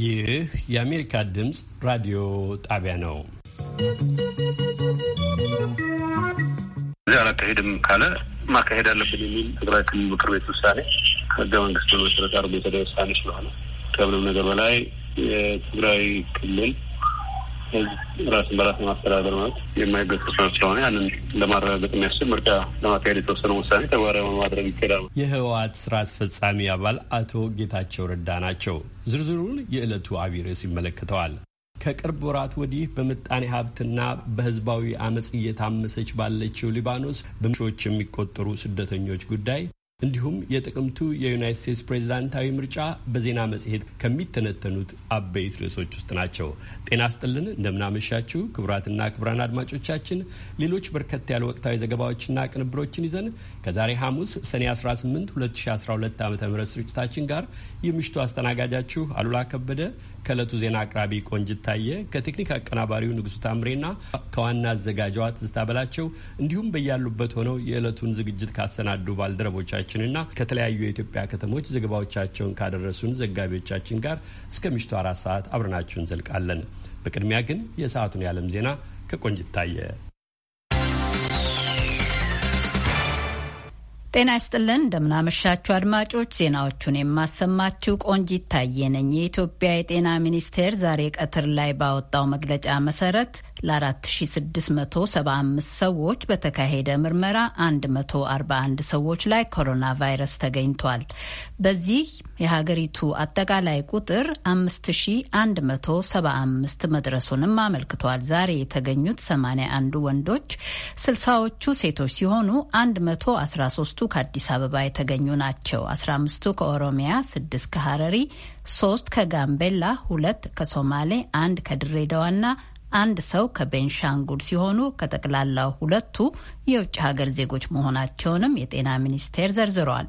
ይህ የአሜሪካ ድምፅ ራዲዮ ጣቢያ ነው። እዚያ አላካሄድም ካለ ማካሄድ አለብን የሚል ትግራይ ክልል ምክር ቤት ውሳኔ ከህገ መንግስት በመሰረት አድርጎ የተደወሳኔ ስለሆነ ከምንም ነገር በላይ የትግራይ ክልል ራስን በራስ ማስተዳደር ማለት የማይገሰስ ነው ስለሆነ ያንን ለማረጋገጥ የሚያስችል ምርጫ ለማካሄድ የተወሰነ ውሳኔ ተግባራዊ ማድረግ ይገዳል። የህወሓት ስራ አስፈጻሚ አባል አቶ ጌታቸው ረዳ ናቸው። ዝርዝሩን የዕለቱ አብይ ርዕስ ይመለከተዋል። ከቅርብ ወራት ወዲህ በምጣኔ ሀብትና በህዝባዊ አመፅ እየታመሰች ባለችው ሊባኖስ በሺዎች የሚቆጠሩ ስደተኞች ጉዳይ እንዲሁም የጥቅምቱ የዩናይት ስቴትስ ፕሬዚዳንታዊ ምርጫ በዜና መጽሔት ከሚተነተኑት አበይት ርዕሶች ውስጥ ናቸው። ጤና ስጥልን እንደምናመሻችሁ ክቡራትና ክቡራን አድማጮቻችን ሌሎች በርከት ያሉ ወቅታዊ ዘገባዎችና ቅንብሮችን ይዘን ከዛሬ ሐሙስ ሰኔ 18 2012 ዓ ም ስርጭታችን ጋር የምሽቱ አስተናጋጃችሁ አሉላ ከበደ ከእለቱ ዜና አቅራቢ ቆንጅት ታየ፣ ከቴክኒክ አቀናባሪው ንጉሱ ታምሬና ከዋና አዘጋጇ ትዝታ በላቸው እንዲሁም በያሉበት ሆነው የዕለቱን ዝግጅት ካሰናዱ ባልደረቦቻችንና ከተለያዩ የኢትዮጵያ ከተሞች ዘገባዎቻቸውን ካደረሱን ዘጋቢዎቻችን ጋር እስከ ምሽቱ አራት ሰዓት አብረናችሁ እንዘልቃለን። በቅድሚያ ግን የሰዓቱን የዓለም ዜና ከቆንጅት ታየ ጤና ይስጥልን እንደምናመሻችሁ አድማጮች፣ ዜናዎቹን የማሰማችሁ ቆንጂት ታየ ነኝ። የኢትዮጵያ የጤና ሚኒስቴር ዛሬ ቀትር ላይ ባወጣው መግለጫ መሰረት ለ4675 ሰዎች በተካሄደ ምርመራ 141 ሰዎች ላይ ኮሮና ቫይረስ ተገኝቷል። በዚህ የሀገሪቱ አጠቃላይ ቁጥር 5175 መድረሱንም አመልክቷል። ዛሬ የተገኙት 81 ወንዶች፣ ስልሳዎቹ ሴቶች ሲሆኑ 113ቱ ከአዲስ አበባ የተገኙ ናቸው። 15ቱ ከኦሮሚያ፣ 6 ከሀረሪ፣ 3 ከጋምቤላ፣ 2 ከሶማሌ፣ አንድ ከድሬዳዋና አንድ ሰው ከቤንሻንጉል ሲሆኑ ከጠቅላላው ሁለቱ የውጭ ሀገር ዜጎች መሆናቸውንም የጤና ሚኒስቴር ዘርዝሯል።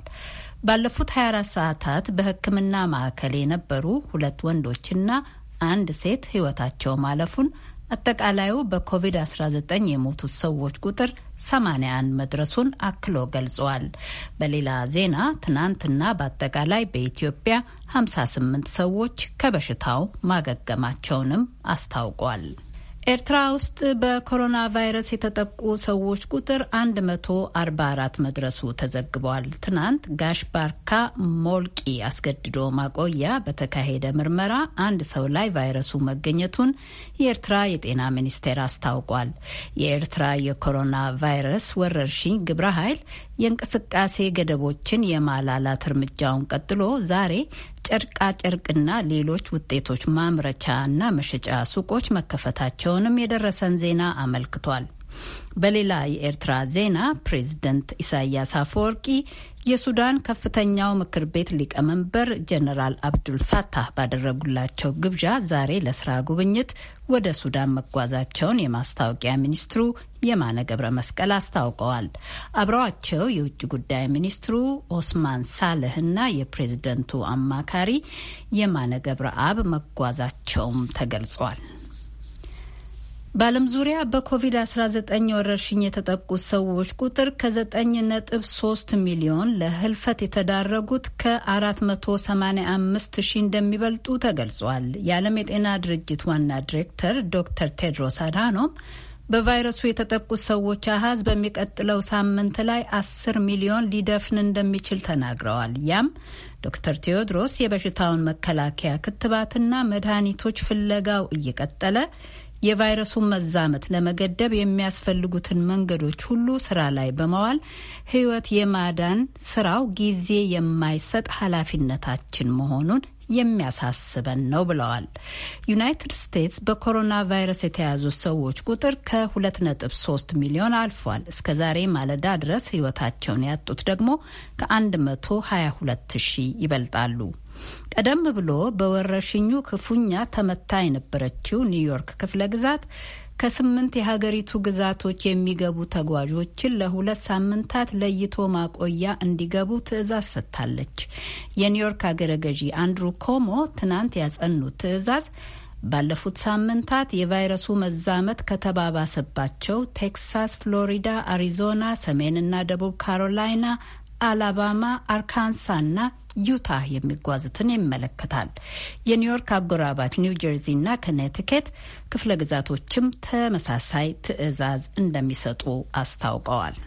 ባለፉት 24 ሰዓታት በሕክምና ማዕከል የነበሩ ሁለት ወንዶችና አንድ ሴት ህይወታቸው ማለፉን አጠቃላዩ በኮቪድ-19 የሞቱት ሰዎች ቁጥር 81 መድረሱን አክሎ ገልጿል። በሌላ ዜና ትናንትና በአጠቃላይ በኢትዮጵያ 58 ሰዎች ከበሽታው ማገገማቸውንም አስታውቋል። ኤርትራ ውስጥ በኮሮና ቫይረስ የተጠቁ ሰዎች ቁጥር 144 መድረሱ ተዘግቧል። ትናንት ጋሽ ባርካ ሞልቂ አስገድዶ ማቆያ በተካሄደ ምርመራ አንድ ሰው ላይ ቫይረሱ መገኘቱን የኤርትራ የጤና ሚኒስቴር አስታውቋል። የኤርትራ የኮሮና ቫይረስ ወረርሽኝ ግብረ ኃይል የእንቅስቃሴ ገደቦችን የማላላት እርምጃውን ቀጥሎ ዛሬ ጨርቃ ጨርቅና ሌሎች ውጤቶች ማምረቻና መሸጫ ሱቆች መከፈታቸውንም የደረሰን ዜና አመልክቷል። በሌላ የኤርትራ ዜና ፕሬዝደንት ኢሳያስ አፈወርቂ የሱዳን ከፍተኛው ምክር ቤት ሊቀመንበር ጀነራል አብዱልፋታህ ባደረጉላቸው ግብዣ ዛሬ ለስራ ጉብኝት ወደ ሱዳን መጓዛቸውን የማስታወቂያ ሚኒስትሩ የማነ ገብረ መስቀል አስታውቀዋል። አብረዋቸው የውጭ ጉዳይ ሚኒስትሩ ኦስማን ሳልህና የፕሬዝደንቱ አማካሪ የማነ ገብረ አብ መጓዛቸውም ተገልጿል። በዓለም ዙሪያ በኮቪድ-19 ወረርሽኝ የተጠቁ ሰዎች ቁጥር ከ9.3 ሚሊዮን ለህልፈት የተዳረጉት ከ485 ሺህ እንደሚበልጡ ተገልጿል። የዓለም የጤና ድርጅት ዋና ዲሬክተር ዶክተር ቴድሮስ አድሃኖም በቫይረሱ የተጠቁ ሰዎች አሀዝ በሚቀጥለው ሳምንት ላይ አስር ሚሊዮን ሊደፍን እንደሚችል ተናግረዋል። ያም ዶክተር ቴዎድሮስ የበሽታውን መከላከያ ክትባትና መድኃኒቶች ፍለጋው እየቀጠለ የቫይረሱን መዛመት ለመገደብ የሚያስፈልጉትን መንገዶች ሁሉ ስራ ላይ በመዋል ህይወት የማዳን ስራው ጊዜ የማይሰጥ ኃላፊነታችን መሆኑን የሚያሳስበን ነው ብለዋል። ዩናይትድ ስቴትስ በኮሮና ቫይረስ የተያዙ ሰዎች ቁጥር ከ2.3 ሚሊዮን አልፏል። እስከ ዛሬ ማለዳ ድረስ ህይወታቸውን ያጡት ደግሞ ከ122 ሺህ ይበልጣሉ። ቀደም ብሎ በወረሽኙ ክፉኛ ተመታ የነበረችው ኒውዮርክ ክፍለ ግዛት ከስምንት የሀገሪቱ ግዛቶች የሚገቡ ተጓዦችን ለሁለት ሳምንታት ለይቶ ማቆያ እንዲገቡ ትዕዛዝ ሰጥታለች። የኒውዮርክ አገረ ገዢ አንድሩ ኮሞ ትናንት ያጸኑት ትዕዛዝ ባለፉት ሳምንታት የቫይረሱ መዛመት ከተባባሰባቸው ቴክሳስ፣ ፍሎሪዳ፣ አሪዞና፣ ሰሜንና ደቡብ ካሮላይና፣ አላባማ፣ አርካንሳ እና ዩታ የሚጓዙትን ይመለከታል። የኒውዮርክ አጎራባች ኒው ጀርዚና ከኔቲኬት ክፍለ ግዛቶችም ተመሳሳይ ትዕዛዝ እንደሚሰጡ አስታውቀዋል።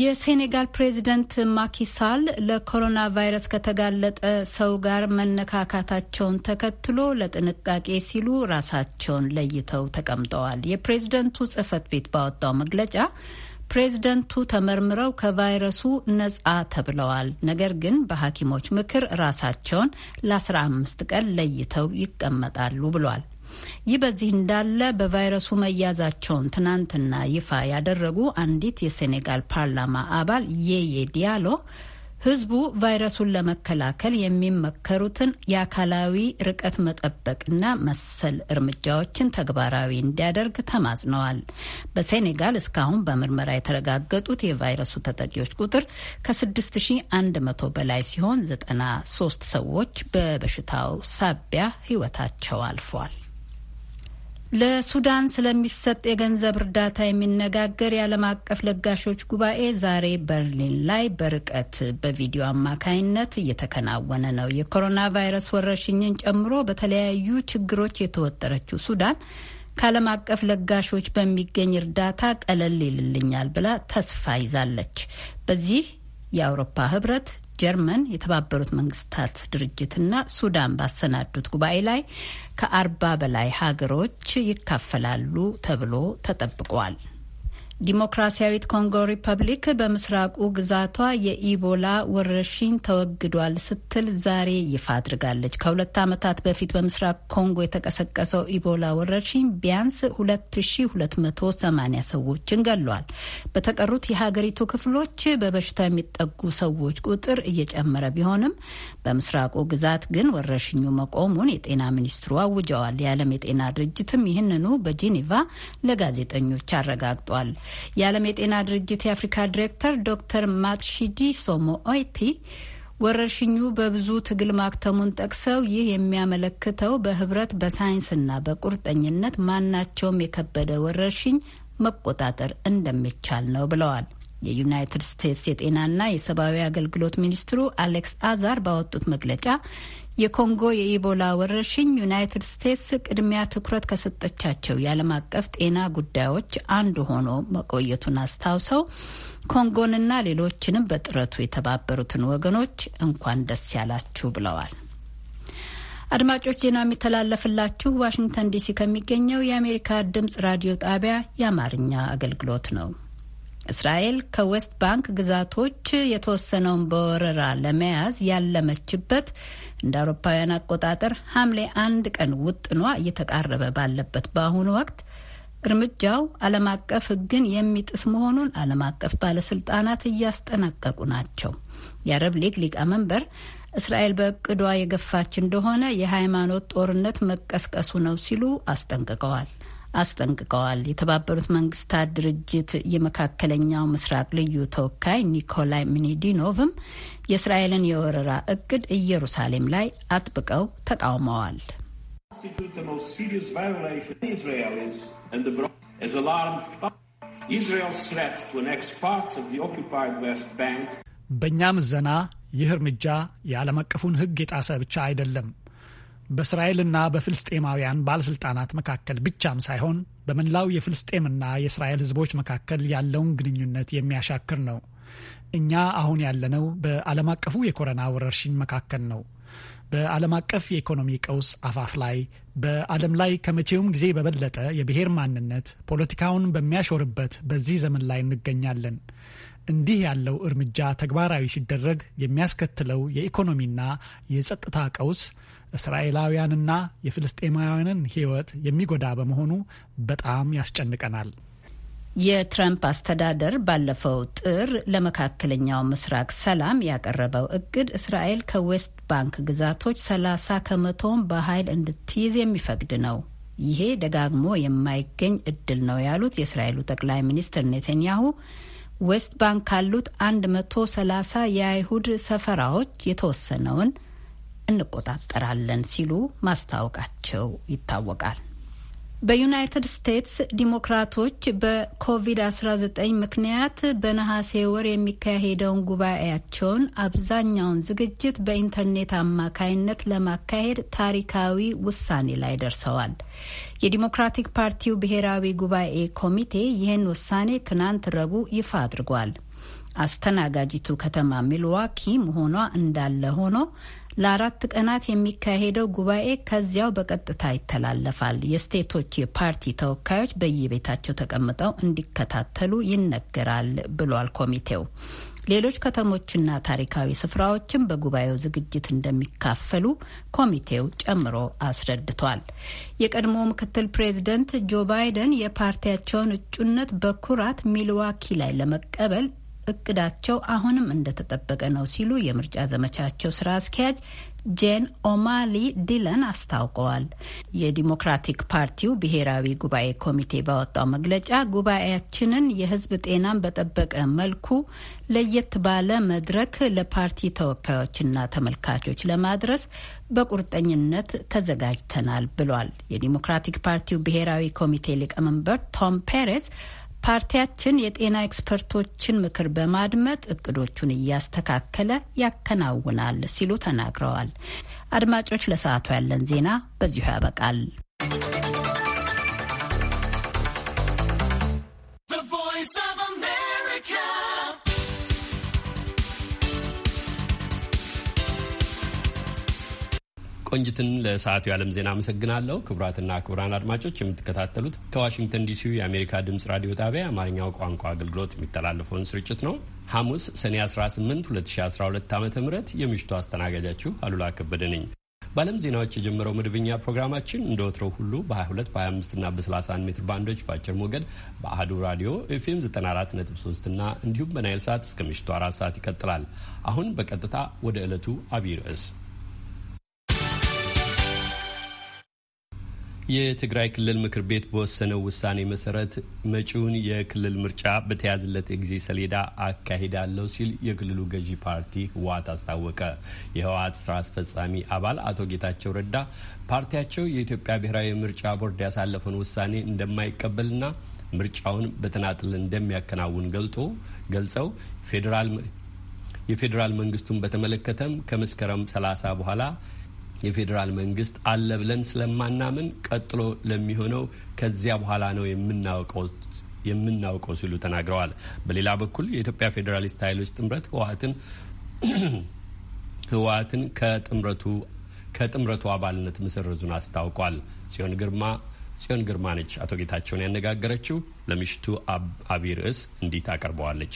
የሴኔጋል ፕሬዚደንት ማኪሳል ለኮሮና ቫይረስ ከተጋለጠ ሰው ጋር መነካካታቸውን ተከትሎ ለጥንቃቄ ሲሉ ራሳቸውን ለይተው ተቀምጠዋል። የፕሬዝደንቱ ጽህፈት ቤት ባወጣው መግለጫ ፕሬዝደንቱ ተመርምረው ከቫይረሱ ነጻ ተብለዋል። ነገር ግን በሐኪሞች ምክር ራሳቸውን ለ15 ቀን ለይተው ይቀመጣሉ ብሏል። ይህ በዚህ እንዳለ በቫይረሱ መያዛቸውን ትናንትና ይፋ ያደረጉ አንዲት የሴኔጋል ፓርላማ አባል የየ ዲያሎ ህዝቡ ቫይረሱን ለመከላከል የሚመከሩትን የአካላዊ ርቀት መጠበቅና መሰል እርምጃዎችን ተግባራዊ እንዲያደርግ ተማጽነዋል። በሴኔጋል እስካሁን በምርመራ የተረጋገጡት የቫይረሱ ተጠቂዎች ቁጥር ከ6100 በላይ ሲሆን 93 ሰዎች በበሽታው ሳቢያ ህይወታቸው አልፏል። ለሱዳን ስለሚሰጥ የገንዘብ እርዳታ የሚነጋገር የዓለም አቀፍ ለጋሾች ጉባኤ ዛሬ በርሊን ላይ በርቀት በቪዲዮ አማካይነት እየተከናወነ ነው። የኮሮና ቫይረስ ወረርሽኝን ጨምሮ በተለያዩ ችግሮች የተወጠረችው ሱዳን ከዓለም አቀፍ ለጋሾች በሚገኝ እርዳታ ቀለል ይልልኛል ብላ ተስፋ ይዛለች። በዚህ የአውሮፓ ህብረት ጀርመን፣ የተባበሩት መንግስታት ድርጅትና ሱዳን ባሰናዱት ጉባኤ ላይ ከአርባ በላይ ሀገሮች ይካፈላሉ ተብሎ ተጠብቋል። ዲሞክራሲያዊት ኮንጎ ሪፐብሊክ በምስራቁ ግዛቷ የኢቦላ ወረርሽኝ ተወግዷል ስትል ዛሬ ይፋ አድርጋለች። ከሁለት ዓመታት በፊት በምስራቅ ኮንጎ የተቀሰቀሰው ኢቦላ ወረርሽኝ ቢያንስ 2280 ሰዎችን ገሏል። በተቀሩት የሀገሪቱ ክፍሎች በበሽታው የሚጠጉ ሰዎች ቁጥር እየጨመረ ቢሆንም በምስራቁ ግዛት ግን ወረርሽኙ መቆሙን የጤና ሚኒስትሩ አውጀዋል። የዓለም የጤና ድርጅትም ይህንኑ በጄኔቫ ለጋዜጠኞች አረጋግጧል። የዓለም የጤና ድርጅት የአፍሪካ ዲሬክተር ዶክተር ሶሞ ኦይቲ ወረርሽኙ በብዙ ትግል ማክተሙን ጠቅሰው ይህ የሚያመለክተው በህብረት በሳይንስና በቁርጠኝነት ማናቸውም የከበደ ወረርሽኝ መቆጣጠር እንደሚቻል ነው ብለዋል። የዩናይትድ ስቴትስ የጤናና የሰብአዊ አገልግሎት ሚኒስትሩ አሌክስ አዛር ባወጡት መግለጫ የኮንጎ የኢቦላ ወረርሽኝ ዩናይትድ ስቴትስ ቅድሚያ ትኩረት ከሰጠቻቸው የዓለም አቀፍ ጤና ጉዳዮች አንዱ ሆኖ መቆየቱን አስታውሰው ኮንጎንና ሌሎችንም በጥረቱ የተባበሩትን ወገኖች እንኳን ደስ ያላችሁ ብለዋል። አድማጮች፣ ዜና የሚተላለፍላችሁ ዋሽንግተን ዲሲ ከሚገኘው የአሜሪካ ድምጽ ራዲዮ ጣቢያ የአማርኛ አገልግሎት ነው። እስራኤል ከዌስት ባንክ ግዛቶች የተወሰነውን በወረራ ለመያዝ ያለመችበት እንደ አውሮፓውያን አቆጣጠር ሐምሌ አንድ ቀን ውጥኗ እየተቃረበ ባለበት በአሁኑ ወቅት እርምጃው ዓለም አቀፍ ሕግን የሚጥስ መሆኑን ዓለም አቀፍ ባለስልጣናት እያስጠናቀቁ ናቸው። የአረብ ሊግ ሊቀመንበር እስራኤል በእቅዷ የገፋች እንደሆነ የሃይማኖት ጦርነት መቀስቀሱ ነው ሲሉ አስጠንቅቀዋል። አስጠንቅቀዋል። የተባበሩት መንግስታት ድርጅት የመካከለኛው ምስራቅ ልዩ ተወካይ ኒኮላይ ሚኒዲኖቭም የእስራኤልን የወረራ እቅድ ኢየሩሳሌም ላይ አጥብቀው ተቃውመዋል። በእኛ ምዘና ይህ እርምጃ የዓለም አቀፉን ሕግ የጣሰ ብቻ አይደለም በእስራኤልና በፍልስጤማውያን ባለሥልጣናት መካከል ብቻም ሳይሆን በመላው የፍልስጤምና የእስራኤል ሕዝቦች መካከል ያለውን ግንኙነት የሚያሻክር ነው። እኛ አሁን ያለነው በዓለም አቀፉ የኮረና ወረርሽኝ መካከል ነው። በዓለም አቀፍ የኢኮኖሚ ቀውስ አፋፍ ላይ በዓለም ላይ ከመቼውም ጊዜ በበለጠ የብሔር ማንነት ፖለቲካውን በሚያሾርበት በዚህ ዘመን ላይ እንገኛለን። እንዲህ ያለው እርምጃ ተግባራዊ ሲደረግ የሚያስከትለው የኢኮኖሚና የጸጥታ ቀውስ እስራኤላውያንና የፍልስጤማውያንን ሕይወት የሚጎዳ በመሆኑ በጣም ያስጨንቀናል። የትራምፕ አስተዳደር ባለፈው ጥር ለመካከለኛው ምስራቅ ሰላም ያቀረበው እቅድ እስራኤል ከዌስት ባንክ ግዛቶች 30 ከመቶውን በኃይል እንድትይዝ የሚፈቅድ ነው። ይሄ ደጋግሞ የማይገኝ እድል ነው ያሉት የእስራኤሉ ጠቅላይ ሚኒስትር ኔተንያሁ ዌስት ባንክ ካሉት 130 የአይሁድ ሰፈራዎች የተወሰነውን እንቆጣጠራለን ሲሉ ማስታወቃቸው ይታወቃል። በዩናይትድ ስቴትስ ዲሞክራቶች በኮቪድ-19 ምክንያት በነሐሴ ወር የሚካሄደውን ጉባኤያቸውን አብዛኛውን ዝግጅት በኢንተርኔት አማካይነት ለማካሄድ ታሪካዊ ውሳኔ ላይ ደርሰዋል። የዲሞክራቲክ ፓርቲው ብሔራዊ ጉባኤ ኮሚቴ ይህን ውሳኔ ትናንት ረቡዕ ይፋ አድርጓል። አስተናጋጅቱ ከተማ ሚልዋኪ መሆኗ እንዳለ ሆኖ ለአራት ቀናት የሚካሄደው ጉባኤ ከዚያው በቀጥታ ይተላለፋል። የስቴቶች የፓርቲ ተወካዮች በየቤታቸው ተቀምጠው እንዲከታተሉ ይነገራል ብሏል ኮሚቴው። ሌሎች ከተሞችና ታሪካዊ ስፍራዎችም በጉባኤው ዝግጅት እንደሚካፈሉ ኮሚቴው ጨምሮ አስረድቷል። የቀድሞ ምክትል ፕሬዚደንት ጆ ባይደን የፓርቲያቸውን እጩነት በኩራት ሚልዋኪ ላይ ለመቀበል እቅዳቸው አሁንም እንደተጠበቀ ነው ሲሉ የምርጫ ዘመቻቸው ስራ አስኪያጅ ጄን ኦማሊ ዲለን አስታውቀዋል። የዲሞክራቲክ ፓርቲው ብሔራዊ ጉባኤ ኮሚቴ ባወጣው መግለጫ ጉባኤያችንን የሕዝብ ጤናን በጠበቀ መልኩ ለየት ባለ መድረክ ለፓርቲ ተወካዮችና ተመልካቾች ለማድረስ በቁርጠኝነት ተዘጋጅተናል ብሏል። የዲሞክራቲክ ፓርቲው ብሔራዊ ኮሚቴ ሊቀመንበር ቶም ፔሬስ ፓርቲያችን የጤና ኤክስፐርቶችን ምክር በማድመጥ እቅዶቹን እያስተካከለ ያከናውናል ሲሉ ተናግረዋል። አድማጮች፣ ለሰዓቱ ያለን ዜና በዚሁ ያበቃል። ቆንጅትን ለሰዓቱ የዓለም ዜና አመሰግናለሁ። ክቡራትና ክቡራን አድማጮች የምትከታተሉት ከዋሽንግተን ዲሲ የአሜሪካ ድምጽ ራዲዮ ጣቢያ የአማርኛው ቋንቋ አገልግሎት የሚተላለፈውን ስርጭት ነው። ሐሙስ ሰኔ 18 2012 ዓ ም የምሽቱ አስተናጋጃችሁ አሉላ ከበደ ነኝ። በዓለም ዜናዎች የጀመረው መደበኛ ፕሮግራማችን እንደ ወትረው ሁሉ በ22 በ25ና በ31 ሜትር ባንዶች በአጭር ሞገድ በአህዱ ራዲዮ ኤፍኤም 94.3 እና እንዲሁም በናይል ሰዓት እስከ ምሽቱ አራት ሰዓት ይቀጥላል። አሁን በቀጥታ ወደ ዕለቱ አብይ ርዕስ የትግራይ ክልል ምክር ቤት በወሰነው ውሳኔ መሰረት መጪውን የክልል ምርጫ በተያዝለት የጊዜ ሰሌዳ አካሂዳለሁ ሲል የክልሉ ገዢ ፓርቲ ህወሀት አስታወቀ። የህወሀት ስራ አስፈጻሚ አባል አቶ ጌታቸው ረዳ ፓርቲያቸው የኢትዮጵያ ብሔራዊ ምርጫ ቦርድ ያሳለፈውን ውሳኔ እንደማይቀበልና ምርጫውን በተናጥል እንደሚያከናውን ገልጦ ገልጸው ፌዴራል የፌዴራል መንግስቱን በተመለከተም ከመስከረም 30 በኋላ የፌዴራል መንግስት አለ ብለን ስለማናምን ቀጥሎ ለሚሆነው ከዚያ በኋላ ነው የምናውቀው የምናውቀው ሲሉ ተናግረዋል። በሌላ በኩል የኢትዮጵያ ፌዴራሊስት ኃይሎች ጥምረት ህወሀትን ህወሀትን ከጥምረቱ ከጥምረቱ አባልነት መሰረዙን አስታውቋል። ጽዮን ግርማ ጽዮን ግርማ ነች አቶ ጌታቸውን ያነጋገረችው። ለምሽቱ አብይ ርዕስ እንዲህ ታቀርበዋለች።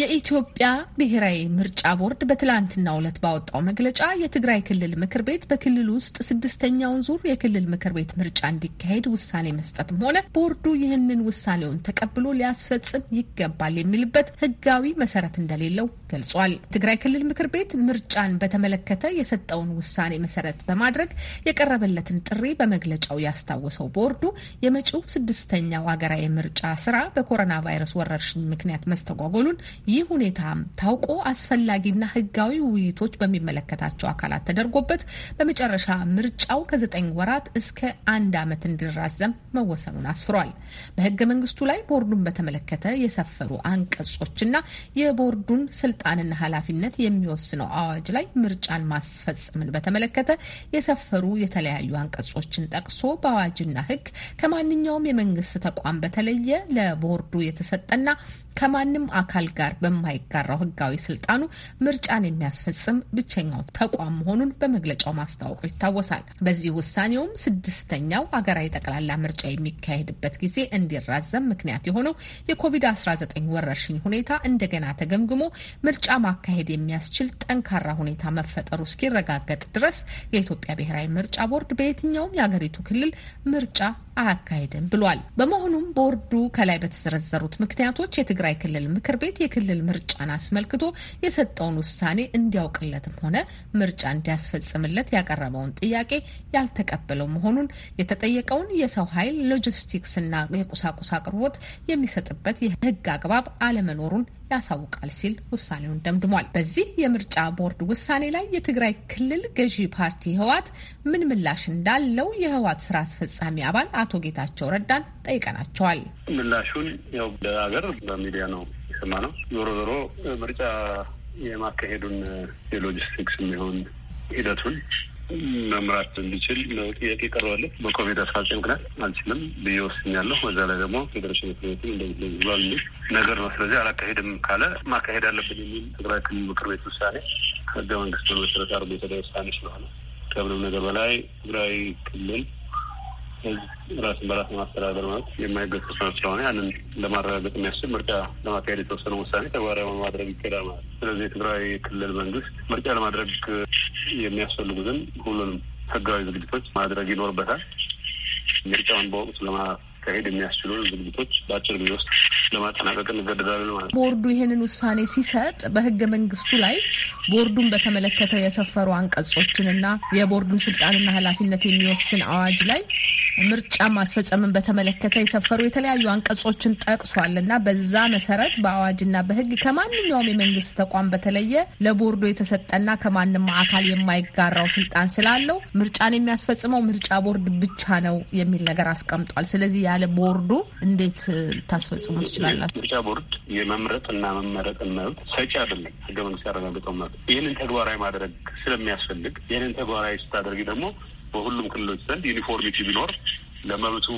የኢትዮጵያ ብሔራዊ ምርጫ ቦርድ በትላንትናው ዕለት ባወጣው መግለጫ የትግራይ ክልል ምክር ቤት በክልል ውስጥ ስድስተኛውን ዙር የክልል ምክር ቤት ምርጫ እንዲካሄድ ውሳኔ መስጠትም ሆነ ቦርዱ ይህንን ውሳኔውን ተቀብሎ ሊያስፈጽም ይገባል የሚልበት ሕጋዊ መሰረት እንደሌለው ገልጿል። ትግራይ ክልል ምክር ቤት ምርጫን በተመለከተ የሰጠውን ውሳኔ መሰረት በማድረግ የቀረበለትን ጥሪ በመግለጫው ያስታወሰው ቦርዱ የመጪው ስድስተኛው ሀገራዊ ምርጫ ስራ በኮሮና ቫይረስ ወረርሽኝ ምክንያት መስተጓጎሉን ይህ ሁኔታ ታውቆ አስፈላጊና ህጋዊ ውይይቶች በሚመለከታቸው አካላት ተደርጎበት በመጨረሻ ምርጫው ከዘጠኝ ወራት እስከ አንድ ዓመት እንዲራዘም መወሰኑን አስፍሯል። በህገ መንግስቱ ላይ ቦርዱን በተመለከተ የሰፈሩ አንቀጾችና የቦርዱን ስልጣንና ኃላፊነት የሚወስነው አዋጅ ላይ ምርጫን ማስፈጸምን በተመለከተ የሰፈሩ የተለያዩ አንቀጾችን ጠቅሶ በአዋጅና ህግ ከማንኛውም የመንግስት ተቋም በተለየ ለቦርዱ የተሰጠና ከማንም አካል ጋር በማይጋራው ህጋዊ ስልጣኑ ምርጫን የሚያስፈጽም ብቸኛው ተቋም መሆኑን በመግለጫው ማስታወቁ ይታወሳል። በዚህ ውሳኔውም ስድስተኛው ሀገራዊ ጠቅላላ ምርጫ የሚካሄድበት ጊዜ እንዲራዘም ምክንያት የሆነው የኮቪድ-19 ወረርሽኝ ሁኔታ እንደገና ተገምግሞ ምርጫ ማካሄድ የሚያስችል ጠንካራ ሁኔታ መፈጠሩ እስኪረጋገጥ ድረስ የኢትዮጵያ ብሔራዊ ምርጫ ቦርድ በየትኛውም የሀገሪቱ ክልል ምርጫ አካሄድም ብሏል። በመሆኑም ቦርዱ ከላይ በተዘረዘሩት ምክንያቶች የትግራይ ክልል ምክር ቤት የክልል ምርጫን አስመልክቶ የሰጠውን ውሳኔ እንዲያውቅለትም ሆነ ምርጫ እንዲያስፈጽምለት ያቀረበውን ጥያቄ ያልተቀበለው መሆኑን የተጠየቀውን የሰው ኃይል ሎጂስቲክስና የቁሳቁስ አቅርቦት የሚሰጥበት የሕግ አግባብ አለመኖሩን ያሳውቃል ሲል ውሳኔውን ደምድሟል። በዚህ የምርጫ ቦርድ ውሳኔ ላይ የትግራይ ክልል ገዢ ፓርቲ ህወሓት ምን ምላሽ እንዳለው የህወሓት ስራ አስፈጻሚ አባል አቶ ጌታቸው ረዳን ጠይቀናቸዋል። ምላሹን ያው ለሀገር በሚዲያ ነው የሰማ ነው። ዞሮ ዞሮ ምርጫ የማካሄዱን የሎጂስቲክስ የሚሆን ሂደቱን መምራት እንዲችል ጥያቄ ቀርባለሁ። በኮቪድ አስራ ዘጠኝ ምክንያት አልችልም ብዬ ወስኛለሁ። በዛ ላይ ደግሞ ፌዴሬሽን ምክር ቤቱ እንደሚባል ነገር ነው። ስለዚህ አላካሄድም ካለ ማካሄድ አለብን የሚል ትግራይ ክልል ምክር ቤት ውሳኔ ከህገ መንግስት በመሰረት አድርጎ የተደ ውሳኔ ስለሆነ ከምንም ነገር በላይ ትግራይ ክልል ህዝብ ራስን በራስ ማስተዳደር ማለት የማይገቱ ስለሆነ ያንን ለማረጋገጥ የሚያስችል ምርጫ ለማካሄድ የተወሰነ ውሳኔ ተግባራዊ ማድረግ ይገዳል ማለት ነው። ስለዚህ የትግራይ ክልል መንግስት ምርጫ ለማድረግ የሚያስፈልጉትን ሁሉንም ህጋዊ ዝግጅቶች ማድረግ ይኖርበታል። ምርጫውን በወቅቱ ለማ ለማካሄድ የሚያስችሉ ዝግጅቶች በአጭር ጊዜ ውስጥ ለማጠናቀቅ እንገደዳለን ማለት ነው። ቦርዱ ይህንን ውሳኔ ሲሰጥ በህገ መንግስቱ ላይ ቦርዱን በተመለከተ የሰፈሩ አንቀጾችንና የቦርዱን ስልጣንና ኃላፊነት የሚወስን አዋጅ ላይ ምርጫ ማስፈጸምን በተመለከተ የሰፈሩ የተለያዩ አንቀጾችን ጠቅሷል እና በዛ መሰረት በአዋጅና በህግ ከማንኛውም የመንግስት ተቋም በተለየ ለቦርዱ የተሰጠና ከማንም አካል የማይጋራው ስልጣን ስላለው ምርጫን የሚያስፈጽመው ምርጫ ቦርድ ብቻ ነው የሚል ነገር አስቀምጧል። ስለዚህ ያለ ቦርዱ እንዴት ልታስፈጽሙ ትችላላችሁ? ምርጫ ቦርድ የመምረጥና መመረጥን መብት ሰጪ አይደለም። ህገ መንግስት ያረጋግጠው መብት ይህንን ተግባራዊ ማድረግ ስለሚያስፈልግ ይህንን ተግባራዊ ስታደርግ ደግሞ በሁሉም ክልሎች ዘንድ ዩኒፎርሚቲ ቢኖር ለመብቱ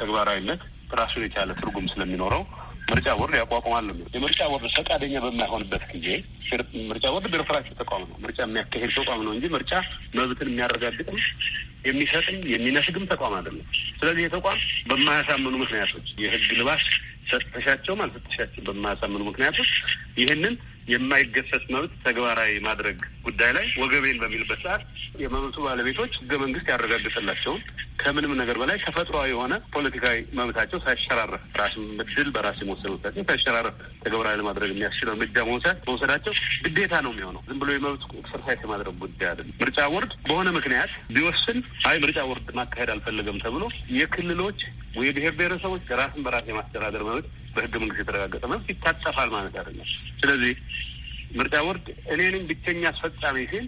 ተግባራዊነት ራሱን የቻለ ትርጉም ስለሚኖረው ምርጫ ቦርድ ያቋቁማል ነው። የምርጫ ቦርድ ፈቃደኛ በማይሆንበት ጊዜ ምርጫ ቦርድ ቢሮክራሲ ተቋም ነው። ምርጫ የሚያካሄድ ተቋም ነው እንጂ ምርጫ መብትን የሚያረጋግጥም የሚሰጥም የሚነስግም ተቋም አይደለም። ስለዚህ የተቋም በማያሳምኑ ምክንያቶች የህግ ልባስ ሰጥተሻቸውም አልሰጥተሻቸው በማያሳምኑ ምክንያቶች ይህንን የማይገሰስ መብት ተግባራዊ ማድረግ ጉዳይ ላይ ወገቤን በሚልበት ሰዓት የመብቱ ባለቤቶች ህገ መንግስት ያረጋግጥላቸውን ከምንም ነገር በላይ ተፈጥሯዊ የሆነ ፖለቲካዊ መብታቸው ሳይሸራረፍ ራስ ምድል በራስ የመወሰን መብታቸው ሳይሸራረፍ ተግባራዊ ለማድረግ የሚያስችለው እርምጃ መውሰድ መውሰዳቸው ግዴታ ነው የሚሆነው። ዝም ብሎ የመብት ኤክሰርሳይዝ የማድረግ ጉዳይ አይደለም። ምርጫ ቦርድ በሆነ ምክንያት ቢወስን አይ ምርጫ ቦርድ ማካሄድ አልፈለገም ተብሎ የክልሎች የብሔር ብሔረሰቦች ራስን በራስ የማስተዳደር መብት በህገ መንግስት የተረጋገጠ መብት ይታጠፋል ማለት አይደለም። ስለዚህ ምርጫ ቦርድ እኔንም ብቸኛ አስፈጻሚ ሲል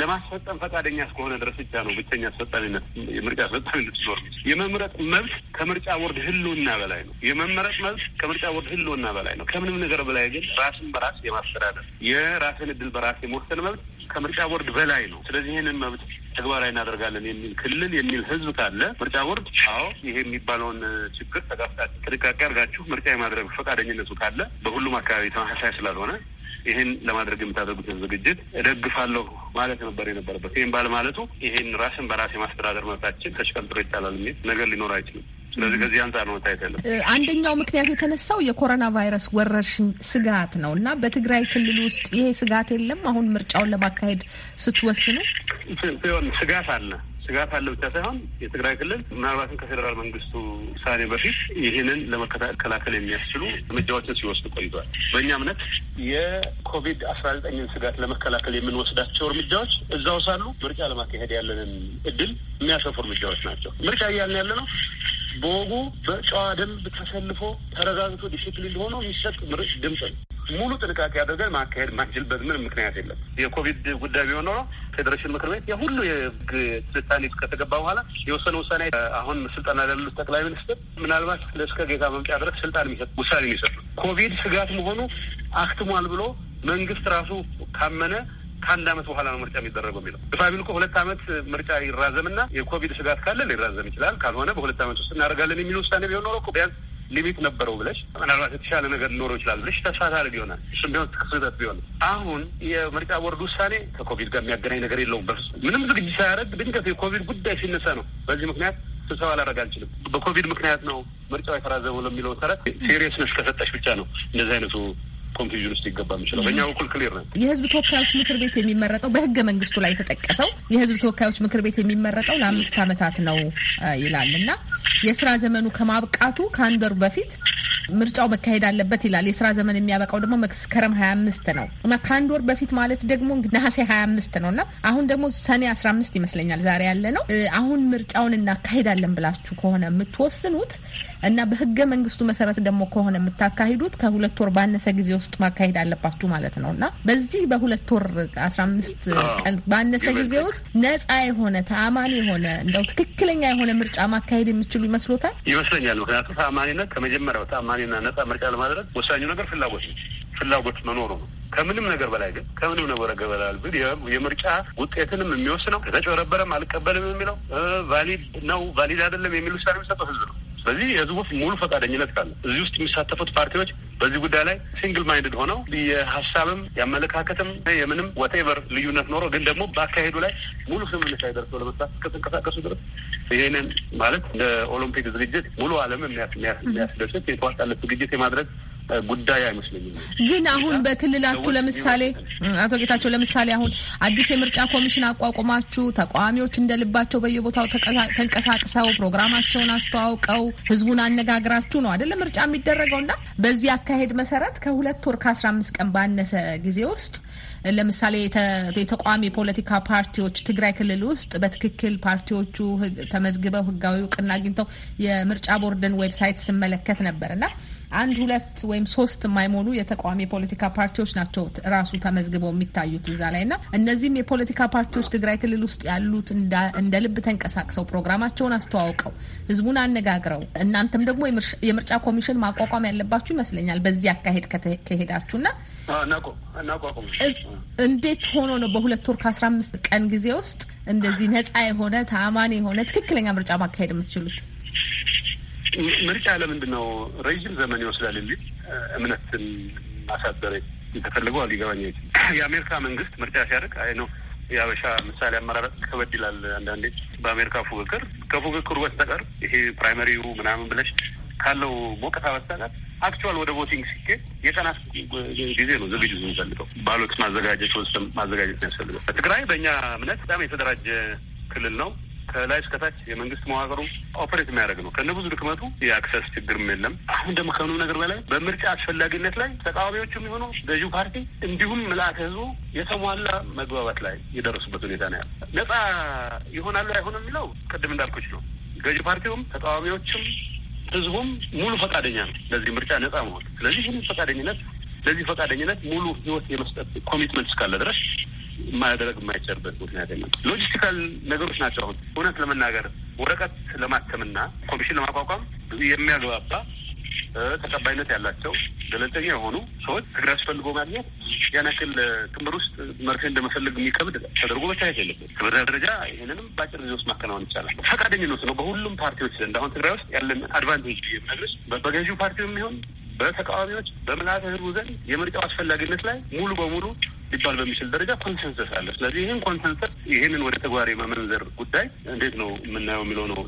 ለማስፈጸም ፈቃደኛ እስከሆነ ድረስ ብቻ ነው ብቸኛ አስፈጻሚነት የምርጫ አስፈጻሚነት ሲኖር የመምረጥ መብት ከምርጫ ቦርድ ህልውና በላይ ነው። የመመረጥ መብት ከምርጫ ቦርድ ህልውና በላይ ነው። ከምንም ነገር በላይ ግን ራስን በራስ የማስተዳደር የራስን እድል በራስ የመወሰን መብት ከምርጫ ቦርድ በላይ ነው። ስለዚህ ይህንን መብት ተግባራዊ እናደርጋለን የሚል ክልል የሚል ህዝብ ካለ ምርጫ ቦርድ አዎ ይሄ የሚባለውን ችግር ተጋፍጣ ጥንቃቄ አድርጋችሁ ምርጫ የማድረግ ፈቃደኝነቱ ካለ በሁሉም አካባቢ ተመሳሳይ ስላልሆነ ይህን ለማድረግ የምታደርጉትን ዝግጅት እደግፋለሁ ማለት ነበር የነበረበት። ይህም ባለማለቱ ይህን ራስን በራስ የማስተዳደር መብታችን ተሽቀንጥሮ ይቻላል የሚል ነገር ሊኖር አይችልም። ስለዚህ ከዚህ አንጻር ነው ታይት ያለ አንደኛው ምክንያት የተነሳው የኮሮና ቫይረስ ወረርሽኝ ስጋት ነው እና በትግራይ ክልል ውስጥ ይሄ ስጋት የለም። አሁን ምርጫውን ለማካሄድ ስትወስኑ ስጋት አለ ስጋት አለ ብቻ ሳይሆን የትግራይ ክልል ምናልባትም ከፌዴራል መንግስቱ ውሳኔ በፊት ይህንን ለመከላከል የሚያስችሉ እርምጃዎችን ሲወስዱ ቆይቷል። በእኛ እምነት የኮቪድ አስራ ዘጠኝን ስጋት ለመከላከል የምንወስዳቸው እርምጃዎች እዛው ሳሉ ምርጫ ለማካሄድ ያለንን እድል የሚያሰፉ እርምጃዎች ናቸው። ምርጫ እያልን ያለ ነው በወጉ በጨዋ ደንብ ተሰልፎ ተረጋግቶ ዲሲፕሊን ሆኖ የሚሰጥ ምርጭ ድምፅ ነው። ሙሉ ጥንቃቄ አድርገን ማካሄድ ማንችልበት ምንም ምክንያት የለም። የኮቪድ ጉዳይ ቢሆን ኖሮ ፌዴሬሽን ምክር ቤት የሁሉ የህግ ትንታኔ ከተገባ በኋላ የወሰነ ውሳኔ አሁን ስልጣን ያለሉት ጠቅላይ ሚኒስትር ምናልባት እስከ ጌታ መምጫ ድረስ ስልጣን የሚሰጥ ውሳኔ የሚሰጥ ኮቪድ ስጋት መሆኑ አክትሟል ብሎ መንግስት ራሱ ካመነ ከአንድ አመት በኋላ ነው ምርጫ የሚደረገው የሚለው ግፋቢል እኮ ሁለት አመት ምርጫ ይራዘምና የኮቪድ ስጋት ካለ ሊራዘም ይችላል። ካልሆነ በሁለት አመት ውስጥ እናደርጋለን የሚል ውሳኔ ቢሆን ኖሮ ቢያንስ ሊሚት ነበረው ብለሽ ምናልባት የተሻለ ነገር ሊኖረው ይችላል ብለሽ ተስፋ ታደርግ ይሆናል። እሱም ቢሆን ስህተት ቢሆን አሁን የምርጫ ቦርድ ውሳኔ ከኮቪድ ጋር የሚያገናኝ ነገር የለውም። በፍጹም ምንም ዝግጅት ሳያደርግ ድንገት የኮቪድ ጉዳይ ሲነሳ ነው። በዚህ ምክንያት ስብሰባ ላደርግ አልችልም፣ በኮቪድ ምክንያት ነው ምርጫው የተራዘመው ለሚለው መሰረት ሴሪየስነስ ከሰጠሽ ብቻ ነው እንደዚህ አይነቱ ኮንፊዥን ውስጥ ይገባ የሚችለው። በእኛ በኩል ክሊር ነው። የህዝብ ተወካዮች ምክር ቤት የሚመረጠው በህገ መንግስቱ ላይ የተጠቀሰው የህዝብ ተወካዮች ምክር ቤት የሚመረጠው ለአምስት ዓመታት ነው ይላል እና የስራ ዘመኑ ከማብቃቱ ከአንድ ወር በፊት ምርጫው መካሄድ አለበት ይላል። የስራ ዘመን የሚያበቃው ደግሞ መስከረም ሀያ አምስት ነው እና ከአንድ ወር በፊት ማለት ደግሞ ነሐሴ ሀያ አምስት ነው እና አሁን ደግሞ ሰኔ አስራ አምስት ይመስለኛል ዛሬ ያለ ነው። አሁን ምርጫውን እናካሄዳለን ብላችሁ ከሆነ የምትወስኑት እና በህገ መንግስቱ መሰረት ደግሞ ከሆነ የምታካሂዱት ከሁለት ወር ባነሰ ጊዜ ውስጥ ማካሄድ አለባችሁ ማለት ነው እና በዚህ በሁለት ወር አስራ አምስት ቀን ባነሰ ጊዜ ውስጥ ነጻ የሆነ ተአማኒ የሆነ እንደው ትክክለኛ የሆነ ምርጫ ማካሄድ የሚችሉ ይመስሎታል? ይመስለኛል። ምክንያቱም ተአማኒነት ከመጀመሪያው ተአማኒና ነጻ ምርጫ ለማድረግ ወሳኙ ነገር ፍላጎት ነው። ፍላጎት መኖሩ ነው። ከምንም ነገር በላይ ግን ከምንም ነገር ገበላል ብል የምርጫ ውጤትንም የሚወስነው ተጨበረበረም አልቀበልም የሚለው ቫሊድ ነው ቫሊድ አይደለም የሚል ውሳኔ የሚሰጠው ህዝብ ነው። ስለዚህ የህዝቡ ሙሉ ፈቃደኝነት ካለ እዚህ ውስጥ የሚሳተፉት ፓርቲዎች በዚህ ጉዳይ ላይ ሲንግል ማይንድድ ሆነው የሀሳብም የአመለካከትም የምንም ወቴቨር ልዩነት ኖሮ ግን ደግሞ በአካሄዱ ላይ ሙሉ ስምምነት ላይ ለመስራት ከተንቀሳቀሱ ድረስ ይህንን ማለት እንደ ኦሎምፒክ ዝግጅት ሙሉ ዓለም የሚያስደስት የተዋጣለት ዝግጅት የማድረግ ጉዳይ አይመስለኝም። ግን አሁን በክልላችሁ ለምሳሌ አቶ ጌታቸው ለምሳሌ አሁን አዲስ የምርጫ ኮሚሽን አቋቁማችሁ ተቃዋሚዎች እንደልባቸው በየቦታው ተንቀሳቅሰው ፕሮግራማቸውን አስተዋውቀው ህዝቡን አነጋግራችሁ ነው አይደለም ምርጫ የሚደረገው እና በዚህ አካሄድ መሰረት ከሁለት ወር ከአስራ አምስት ቀን ባነሰ ጊዜ ውስጥ ለምሳሌ የተቋሚ የፖለቲካ ፓርቲዎች ትግራይ ክልል ውስጥ በትክክል ፓርቲዎቹ ተመዝግበው ህጋዊ እውቅና አግኝተው የምርጫ ቦርድን ዌብሳይት ስመለከት ነበር እና አንድ ሁለት ወይም ሶስት የማይሞሉ የተቃዋሚ የፖለቲካ ፓርቲዎች ናቸው ራሱ ተመዝግበው የሚታዩት እዛ ላይ እና እነዚህም የፖለቲካ ፓርቲዎች ትግራይ ክልል ውስጥ ያሉት እንደ ልብ ተንቀሳቅሰው ፕሮግራማቸውን አስተዋውቀው ህዝቡን አነጋግረው እናንተም ደግሞ የምርጫ ኮሚሽን ማቋቋም ያለባችሁ ይመስለኛል። በዚህ አካሄድ ከሄዳችሁ ና እንዴት ሆኖ ነው በሁለት ወር ከአስራ አምስት ቀን ጊዜ ውስጥ እንደዚህ ነጻ የሆነ ተአማኒ የሆነ ትክክለኛ ምርጫ ማካሄድ የምትችሉት? ምርጫ ለምንድን ነው ረዥም ዘመን ይወስዳል የሚል እምነትን ማሳደር የተፈለገው ሊገባኝ የአሜሪካ መንግስት ምርጫ ሲያደርግ አይ ነው የአበሻ ምሳሌ አመራረጥ ከበድ ይላል አንዳንዴ በአሜሪካ ፉክክር ከፉክክሩ በስተቀር ይሄ ፕራይመሪው ምናምን ብለሽ ካለው ሞቀታ በስተቀር አክቹዋል ወደ ቦቲንግ ሲኬድ የቀና ጊዜ ነው ዝግጅት የሚፈልገው። ባሎት ማዘጋጀት ውስጥ ማዘጋጀት ያስፈልገው። በትግራይ በእኛ እምነት በጣም የተደራጀ ክልል ነው። ከላይ እስከታች የመንግስት መዋቅሩ ኦፕሬት የሚያደርግ ነው። ከነ ብዙ ድክመቱ የአክሰስ ችግርም የለም። አሁን ደግሞ ከምንም ነገር በላይ በምርጫ አስፈላጊነት ላይ ተቃዋሚዎቹ የሚሆኑ ገዢ ፓርቲ እንዲሁም ምልአተ ህዝቡ የተሟላ መግባባት ላይ የደረሱበት ሁኔታ ነው ያለ ነጻ ይሆናሉ አይሆንም የሚለው ቅድም እንዳልኩች ነው። ገዢ ፓርቲውም ተቃዋሚዎችም ህዝቡም ሙሉ ፈቃደኛ ነው ለዚህ ምርጫ ነጻ መሆን። ስለዚህ ይህንን ፈቃደኝነት ለዚህ ፈቃደኝነት ሙሉ ህይወት የመስጠት ኮሚትመንት እስካለ ድረስ ማድረግ የማይቻልበት ምክንያት የለም። ሎጂስቲካል ነገሮች ናቸው። አሁን እውነት ለመናገር ወረቀት ለማተምና ኮሚሽን ለማቋቋም የሚያግባባ ተቀባይነት ያላቸው ገለልተኛ የሆኑ ሰዎች ትግራይ አስፈልጎ ማግኘት ያን ያክል ክምር ውስጥ መርፌ እንደመፈልግ የሚከብድ ተደርጎ መታየት የለበት። በዛ ደረጃ ይህንንም በአጭር ጊዜ ውስጥ ማከናወን ይቻላል። ፈቃደኝነት ነው በሁሉም ፓርቲዎች ዘንድ። አሁን ትግራይ ውስጥ ያለን አድቫንቴጅ ብዬ የምነግርሽ በገዢው ፓርቲ የሚሆን በተቃዋሚዎች በምልአተ ህዝቡ ዘንድ የምርጫው አስፈላጊነት ላይ ሙሉ በሙሉ ሊባል በሚችል ደረጃ ኮንሰንሰስ አለ። ስለዚህ ይህን ኮንሰንሰስ ይህንን ወደ ተግባር የመመንዘር ጉዳይ እንዴት ነው የምናየው የሚለው ነው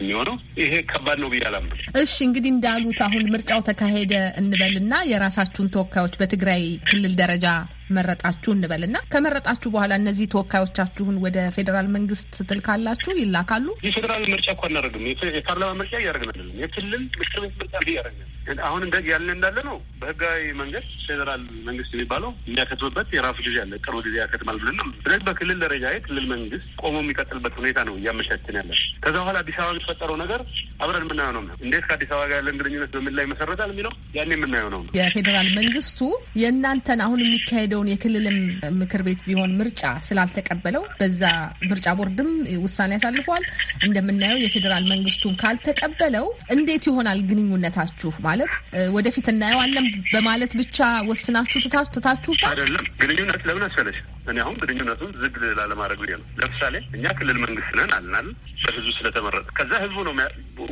የሚሆነው። ይሄ ከባድ ነው ብዬ አላምነው። እሺ እንግዲህ እንዳሉት አሁን ምርጫው ተካሄደ እንበልና የራሳችሁን ተወካዮች በትግራይ ክልል ደረጃ መረጣችሁ እንበል እንበልና ከመረጣችሁ በኋላ እነዚህ ተወካዮቻችሁን ወደ ፌዴራል መንግስት ትልካላችሁ፣ ይላካሉ። የፌዴራል ምርጫ እኮ አናደርግም። የፓርላማ ምርጫ እያደረግን አይደለም። የክልል ምክር ቤት ምርጫ እያደረግን አሁን እንደ ያለን እንዳለ ነው። በህጋዊ መንገድ ፌዴራል መንግስት የሚባለው የሚያከትምበት የራሱ ጊዜ አለ። ቅርብ ጊዜ ያከትማል ብለን ነው። ስለዚህ በክልል ደረጃ የክልል መንግስት ቆሞ የሚቀጥልበት ሁኔታ ነው እያመቻችን ያለ። ከዛ በኋላ አዲስ አበባ የሚፈጠረው ነገር አብረን የምናየው ነው። እንዴት ከአዲስ አበባ ጋር ያለን ግንኙነት በምን ላይ መሰረታል የሚለው ያኔ የምናየው ነው። የፌዴራል መንግስቱ የእናንተን አሁን የሚካሄደው ያለውን የክልልም ምክር ቤት ቢሆን ምርጫ ስላልተቀበለው በዛ ምርጫ ቦርድም ውሳኔ ያሳልፈዋል። እንደምናየው የፌዴራል መንግስቱን ካልተቀበለው እንዴት ይሆናል ግንኙነታችሁ? ማለት ወደፊት እናየዋለን በማለት ብቻ ወስናችሁ ትታችሁ አይደለም ግንኙነት ለምን አስፈለሽ እኔ አሁን ግንኙነቱን ዝግ ላለማድረግ ነው። ለምሳሌ እኛ ክልል መንግስት ነን አልናል በህዝቡ ስለተመረጠ ከዛ ህዝቡ ነው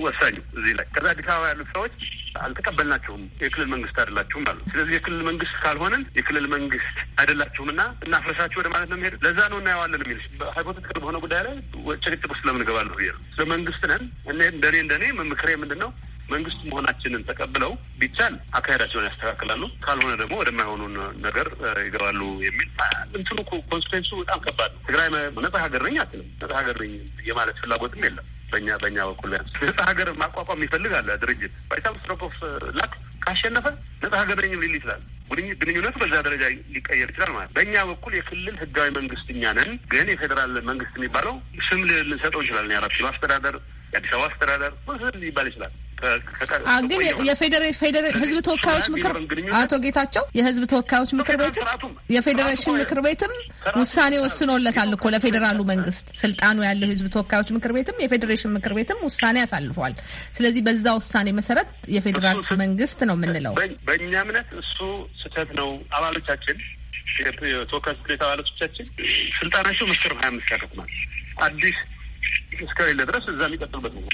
ወሳኙ እዚህ ላይ። ከዛ አዲስ አበባ ያሉት ሰዎች አልተቀበልናቸውም፣ የክልል መንግስት አይደላችሁም አሉ። ስለዚህ የክልል መንግስት ካልሆነን የክልል መንግስት አይደላችሁም እና እናፍረሳችሁ ወደ ማለት ነው የሚሄድ ለዛ ነው እናየዋለን የሚል ሃይፖቴቲካል በሆነ ጉዳይ ላይ ጭቅጭቅ ውስጥ ለምን እገባለሁ ብዬ ነው። ስለመንግስት ነን እኔ እንደኔ እንደኔ መምክሬ ምንድን ነው መንግስቱ መሆናችንን ተቀብለው ቢቻል አካሄዳቸውን ያስተካክላሉ፣ ካልሆነ ደግሞ ወደማይሆኑን ነገር ይገባሉ የሚል እንትኑ ኮንስኩዌንሱ በጣም ከባድ ነው። ትግራይ ነጻ ሀገር ነኝ አትልም። ነጻ ሀገር ነኝ የማለት ፍላጎትም የለም። በእኛ በእኛ በኩል ነጻ ሀገር ማቋቋም ይፈልግ ድርጅት ባይታል ስትሮክ ኦፍ ላክ ካሸነፈ ነጻ ሀገር ነኝም ሊል ይችላል። ግንኙነቱ በዛ ደረጃ ሊቀየር ይችላል ማለት በእኛ በኩል የክልል ህጋዊ መንግስት እኛ ነን። ግን የፌዴራል መንግስት የሚባለው ስም ልንሰጠው እንችላለን። የአራት ኪሎ አስተዳደር፣ የአዲስ አበባ አስተዳደር ሊባል ይችላል። ግን የህዝብ ተወካዮች ምክር አቶ ጌታቸው የህዝብ ተወካዮች ምክር ቤትም የፌዴሬሽን ምክር ቤትም ውሳኔ ወስኖለታል እኮ ለፌዴራሉ መንግስት ስልጣኑ ያለው የህዝብ ተወካዮች ምክር ቤትም የፌዴሬሽን ምክር ቤትም ውሳኔ አሳልፏል። ስለዚህ በዛ ውሳኔ መሰረት የፌዴራል መንግስት ነው የምንለው። በእኛ እምነት እሱ ስህተት ነው። አባሎቻችን የተወካዮች ምክር ቤት አባሎቻችን ስልጣናቸው መስከረም ሀያ አምስት ያደርጉናል አዲስ እስከሌለ ድረስ እዛ የሚቀጥልበት ነው።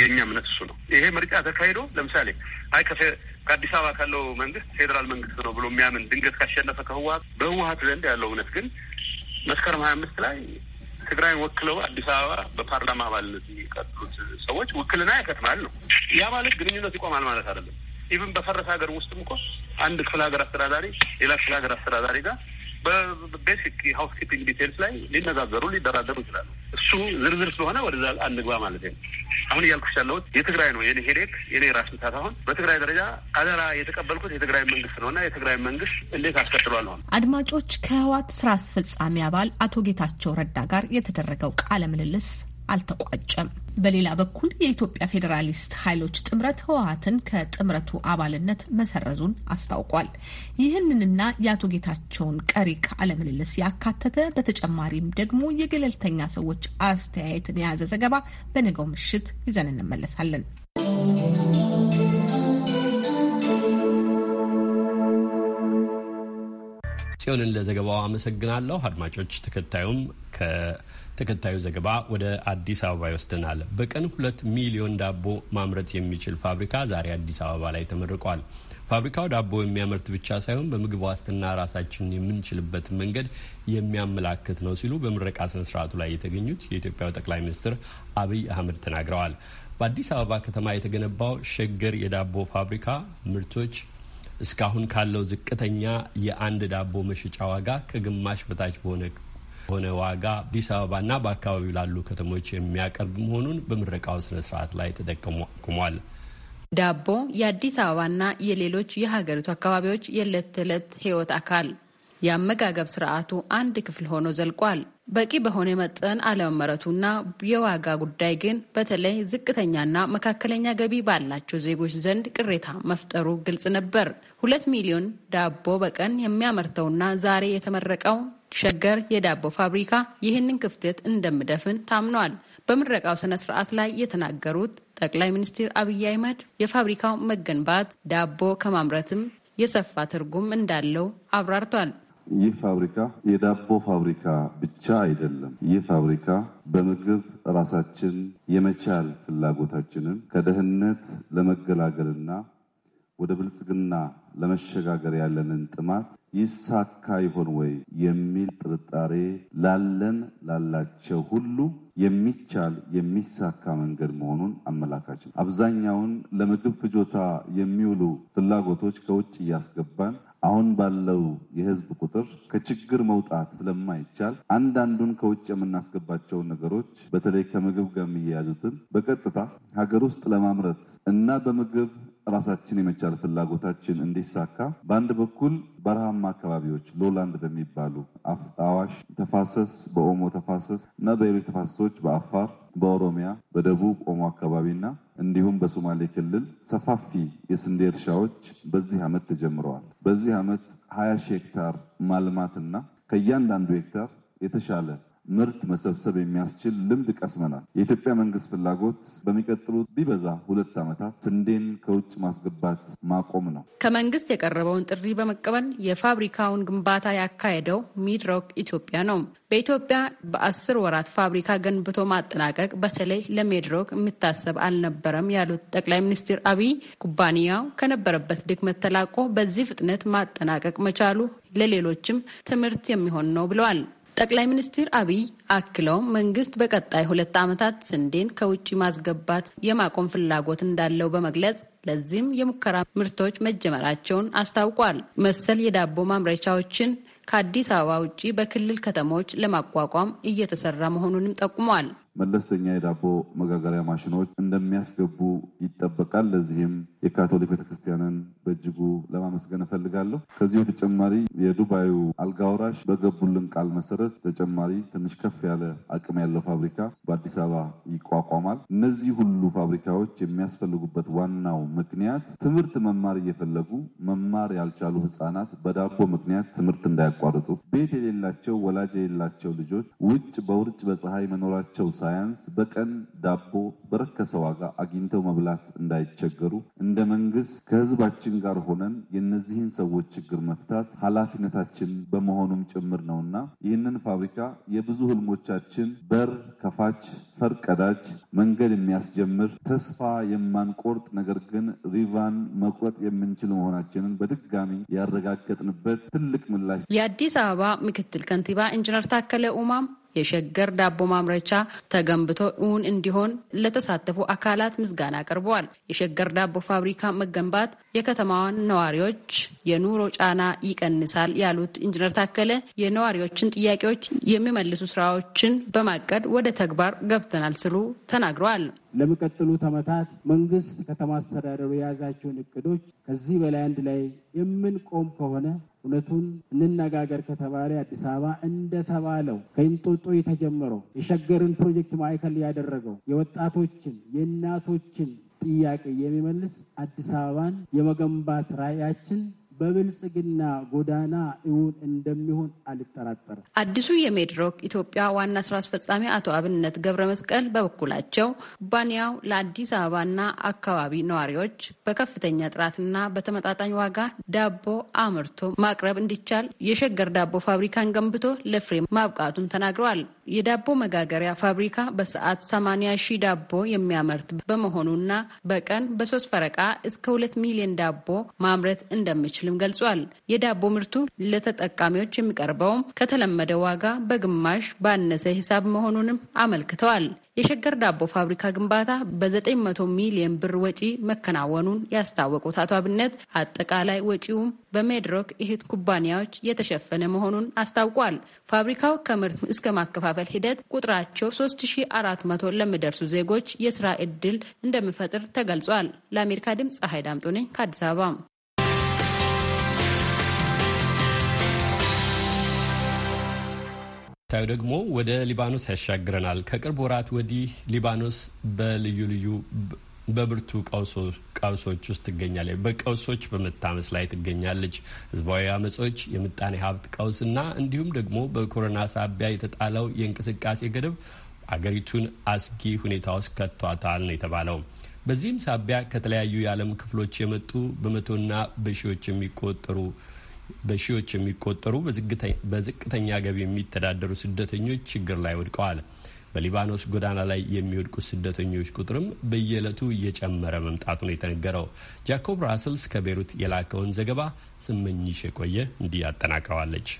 የእኛ እምነት እሱ ነው። ይሄ ምርጫ ተካሂዶ ለምሳሌ አይ ከአዲስ አበባ ካለው መንግስት ፌዴራል መንግስት ነው ብሎ የሚያምን ድንገት ካሸነፈ ከህወሀት በህወሀት ዘንድ ያለው እውነት ግን መስከረም ሀያ አምስት ላይ ትግራይን ወክለው አዲስ አበባ በፓርላማ አባልነት የሚቀጥሉት ሰዎች ውክልና ያከትማል ነው። ያ ማለት ግንኙነት ይቆማል ማለት አይደለም። ኢቭን በፈረሰ ሀገር ውስጥም እኮ አንድ ክፍለ ሀገር አስተዳዳሪ ሌላ ክፍለ ሀገር አስተዳዳሪ ጋር በቤሲክ ሃውስኪፒንግ ዲቴልስ ላይ ሊነጋገሩ ሊደራደሩ ይችላሉ። እሱ ዝርዝር ስለሆነ ወደዛ አንግባ ማለት ነው። አሁን እያልኩሽ ያለሁት የትግራይ ነው የኔ ሄዴክ የኔ ራስ ምታት። አሁን በትግራይ ደረጃ አደራ የተቀበልኩት የትግራይ መንግስት ነው እና የትግራይ መንግስት እንዴት አስቀጥሏል። ሆነ አድማጮች ከህዋት ስራ አስፈጻሚ አባል አቶ ጌታቸው ረዳ ጋር የተደረገው ቃለ ምልልስ አልተቋጨም። በሌላ በኩል የኢትዮጵያ ፌዴራሊስት ኃይሎች ጥምረት ህወሀትን ከጥምረቱ አባልነት መሰረዙን አስታውቋል። ይህንንና የአቶ ጌታቸውን ቀሪ ቃለ ምልልስ ያካተተ በተጨማሪም ደግሞ የገለልተኛ ሰዎች አስተያየትን የያዘ ዘገባ በነገው ምሽት ይዘን እንመለሳለን። ጽዮንን ለዘገባው አመሰግናለሁ። አድማጮች፣ ተከታዩም ከተከታዩ ዘገባ ወደ አዲስ አበባ ይወስደናል። በቀን ሁለት ሚሊዮን ዳቦ ማምረት የሚችል ፋብሪካ ዛሬ አዲስ አበባ ላይ ተመርቋል። ፋብሪካው ዳቦ የሚያመርት ብቻ ሳይሆን በምግብ ዋስትና ራሳችንን የምንችልበትን መንገድ የሚያመላክት ነው ሲሉ በምረቃ ስነስርዓቱ ላይ የተገኙት የኢትዮጵያው ጠቅላይ ሚኒስትር አብይ አህመድ ተናግረዋል። በአዲስ አበባ ከተማ የተገነባው ሸገር የዳቦ ፋብሪካ ምርቶች እስካሁን ካለው ዝቅተኛ የአንድ ዳቦ መሸጫ ዋጋ ከግማሽ በታች በሆነ ሆነ ዋጋ አዲስ አበባና በአካባቢው ላሉ ከተሞች የሚያቀርብ መሆኑን በምረቃው ስነ ስርዓት ላይ ተጠቅሟል። ዳቦ የአዲስ አበባና የሌሎች የሀገሪቱ አካባቢዎች የዕለት ተዕለት ሕይወት አካል የአመጋገብ ስርዓቱ አንድ ክፍል ሆኖ ዘልቋል። በቂ በሆነ መጠን አለመመረቱና የዋጋ ጉዳይ ግን በተለይ ዝቅተኛና መካከለኛ ገቢ ባላቸው ዜጎች ዘንድ ቅሬታ መፍጠሩ ግልጽ ነበር። ሁለት ሚሊዮን ዳቦ በቀን የሚያመርተውና ዛሬ የተመረቀው ሸገር የዳቦ ፋብሪካ ይህንን ክፍተት እንደምደፍን ታምኗል። በምረቃው ስነ ስርዓት ላይ የተናገሩት ጠቅላይ ሚኒስትር አብይ አህመድ የፋብሪካው መገንባት ዳቦ ከማምረትም የሰፋ ትርጉም እንዳለው አብራርቷል። ይህ ፋብሪካ የዳቦ ፋብሪካ ብቻ አይደለም። ይህ ፋብሪካ በምግብ ራሳችን የመቻል ፍላጎታችንን ከድህነት ለመገላገልና ወደ ብልጽግና ለመሸጋገር ያለንን ጥማት ይሳካ ይሆን ወይ የሚል ጥርጣሬ ላለን ላላቸው ሁሉ የሚቻል የሚሳካ መንገድ መሆኑን አመላካች ነው። አብዛኛውን ለምግብ ፍጆታ የሚውሉ ፍላጎቶች ከውጭ እያስገባን አሁን ባለው የህዝብ ቁጥር ከችግር መውጣት ስለማይቻል አንዳንዱን ከውጭ የምናስገባቸውን ነገሮች በተለይ ከምግብ ጋር የሚያያዙትን በቀጥታ ሀገር ውስጥ ለማምረት እና በምግብ ራሳችን የመቻል ፍላጎታችን እንዲሳካ በአንድ በኩል በረሃማ አካባቢዎች ሎላንድ በሚባሉ አዋሽ ተፋሰስ፣ በኦሞ ተፋሰስ እና በሌሎች ተፋሰሶች በአፋር፣ በኦሮሚያ፣ በደቡብ ኦሞ አካባቢና እንዲሁም በሶማሌ ክልል ሰፋፊ የስንዴ እርሻዎች በዚህ ዓመት ተጀምረዋል። በዚህ ዓመት ሀያ ሺህ ሄክታር ማልማትና ከእያንዳንዱ ሄክታር የተሻለ ምርት መሰብሰብ የሚያስችል ልምድ ቀስመናል። የኢትዮጵያ መንግስት ፍላጎት በሚቀጥሉት ቢበዛ ሁለት ዓመታት ስንዴን ከውጭ ማስገባት ማቆም ነው። ከመንግስት የቀረበውን ጥሪ በመቀበል የፋብሪካውን ግንባታ ያካሄደው ሚድሮክ ኢትዮጵያ ነው። በኢትዮጵያ በአስር ወራት ፋብሪካ ገንብቶ ማጠናቀቅ በተለይ ለሜድሮክ የሚታሰብ አልነበረም ያሉት ጠቅላይ ሚኒስትር አብይ ኩባንያው ከነበረበት ድክመት ተላቆ በዚህ ፍጥነት ማጠናቀቅ መቻሉ ለሌሎችም ትምህርት የሚሆን ነው ብለዋል። ጠቅላይ ሚኒስትር አብይ አክለው መንግስት በቀጣይ ሁለት ዓመታት ስንዴን ከውጭ ማስገባት የማቆም ፍላጎት እንዳለው በመግለጽ ለዚህም የሙከራ ምርቶች መጀመራቸውን አስታውቋል። መሰል የዳቦ ማምረቻዎችን ከአዲስ አበባ ውጭ በክልል ከተሞች ለማቋቋም እየተሰራ መሆኑንም ጠቁሟል። መለስተኛ የዳቦ መጋገሪያ ማሽኖች እንደሚያስገቡ ይጠበቃል። ለዚህም የካቶሊክ ቤተክርስቲያንን በእጅጉ ለማመስገን እፈልጋለሁ። ከዚህ በተጨማሪ የዱባዩ አልጋ በገቡልን ቃል መሰረት ተጨማሪ ትንሽ ከፍ ያለ አቅም ያለው ፋብሪካ በአዲስ አበባ ይቋቋማል። እነዚህ ሁሉ ፋብሪካዎች የሚያስፈልጉበት ዋናው ምክንያት ትምህርት መማር እየፈለጉ መማር ያልቻሉ ህጻናት በዳቦ ምክንያት ትምህርት እንዳያቋርጡ፣ ቤት የሌላቸው ወላጅ የሌላቸው ልጆች ውጭ በውርጭ በፀሐይ መኖራቸው ሳያንስ በቀን ዳቦ በረከሰ ዋጋ አግኝተው መብላት እንዳይቸገሩ እንደ መንግስት ከህዝባችን ጋር ሆነን የእነዚህን ሰዎች ችግር መፍታት ኃላፊነታችን በመሆኑም ጭምር ነውና ይህንን ፋብሪካ የብዙ ህልሞቻችን በር ከፋች፣ ፈርቀዳጅ መንገድ የሚያስጀምር ተስፋ የማንቆርጥ ነገር ግን ሪቫን መቁረጥ የምንችል መሆናችንን በድጋሚ ያረጋገጥንበት ትልቅ ምላሽ የአዲስ አበባ ምክትል ከንቲባ ኢንጂነር ታከለ ኡማም የሸገር ዳቦ ማምረቻ ተገንብቶ እውን እንዲሆን ለተሳተፉ አካላት ምስጋና አቅርበዋል። የሸገር ዳቦ ፋብሪካ መገንባት የከተማዋን ነዋሪዎች የኑሮ ጫና ይቀንሳል ያሉት ኢንጂነር ታከለ የነዋሪዎችን ጥያቄዎች የሚመልሱ ስራዎችን በማቀድ ወደ ተግባር ገብተናል ስሉ ተናግረዋል። ለሚቀጥሉት ዓመታት መንግስት ከተማ አስተዳደሩ የያዛቸውን እቅዶች ከዚህ በላይ አንድ ላይ የምንቆም ከሆነ እውነቱን እንነጋገር ከተባለ አዲስ አበባ እንደተባለው ከእንጦጦ የተጀመረው የሸገርን ፕሮጀክት ማዕከል ያደረገው የወጣቶችን የእናቶችን ጥያቄ የሚመልስ አዲስ አበባን የመገንባት ራዕያችን በብልጽግና ጎዳና እውን እንደሚሆን አልጠራጠርም። አዲሱ የሜድሮክ ኢትዮጵያ ዋና ስራ አስፈጻሚ አቶ አብነት ገብረ መስቀል በበኩላቸው ኩባንያው ለአዲስ አበባና አካባቢ ነዋሪዎች በከፍተኛ ጥራትና በተመጣጣኝ ዋጋ ዳቦ አምርቶ ማቅረብ እንዲቻል የሸገር ዳቦ ፋብሪካን ገንብቶ ለፍሬ ማብቃቱን ተናግረዋል። የዳቦ መጋገሪያ ፋብሪካ በሰዓት 80 ሺህ ዳቦ የሚያመርት በመሆኑና በቀን በሶስት ፈረቃ እስከ ሁለት ሚሊዮን ዳቦ ማምረት እንደሚችልም ገልጿል። የዳቦ ምርቱ ለተጠቃሚዎች የሚቀርበውም ከተለመደ ዋጋ በግማሽ ባነሰ ሂሳብ መሆኑንም አመልክተዋል። የሸገር ዳቦ ፋብሪካ ግንባታ በ900 ሚሊዮን ብር ወጪ መከናወኑን ያስታወቁት አቶ አብነት አጠቃላይ ወጪውም በሜድሮክ እህት ኩባንያዎች የተሸፈነ መሆኑን አስታውቋል። ፋብሪካው ከምርት እስከ ማከፋፈል ሂደት ቁጥራቸው 3400 ለሚደርሱ ዜጎች የስራ ዕድል እንደሚፈጥር ተገልጿል። ለአሜሪካ ድምፅ ፀሐይ ዳምጦ ነኝ ከአዲስ አበባ። ታዩ ደግሞ ወደ ሊባኖስ ያሻግረናል። ከቅርብ ወራት ወዲህ ሊባኖስ በልዩ ልዩ በብርቱ ቀውሶች ውስጥ ትገኛለች። በቀውሶች በመታመስ ላይ ትገኛለች። ህዝባዊ አመጾች፣ የምጣኔ ሀብት ቀውስና እንዲሁም ደግሞ በኮሮና ሳቢያ የተጣለው የእንቅስቃሴ ገደብ አገሪቱን አስጊ ሁኔታ ውስጥ ከቷታል ነው የተባለው። በዚህም ሳቢያ ከተለያዩ የዓለም ክፍሎች የመጡ በመቶና በሺዎች የሚቆጠሩ በሺዎች የሚቆጠሩ በዝቅተኛ ገቢ የሚተዳደሩ ስደተኞች ችግር ላይ ወድቀዋል። በሊባኖስ ጎዳና ላይ የሚወድቁት ስደተኞች ቁጥርም በየዕለቱ እየጨመረ መምጣቱ ነው የተነገረው። ጃኮብ ራስልስ ከቤሩት የላከውን ዘገባ ስመኝሽ የቆየ እንዲህ ያጠናቅረዋለች።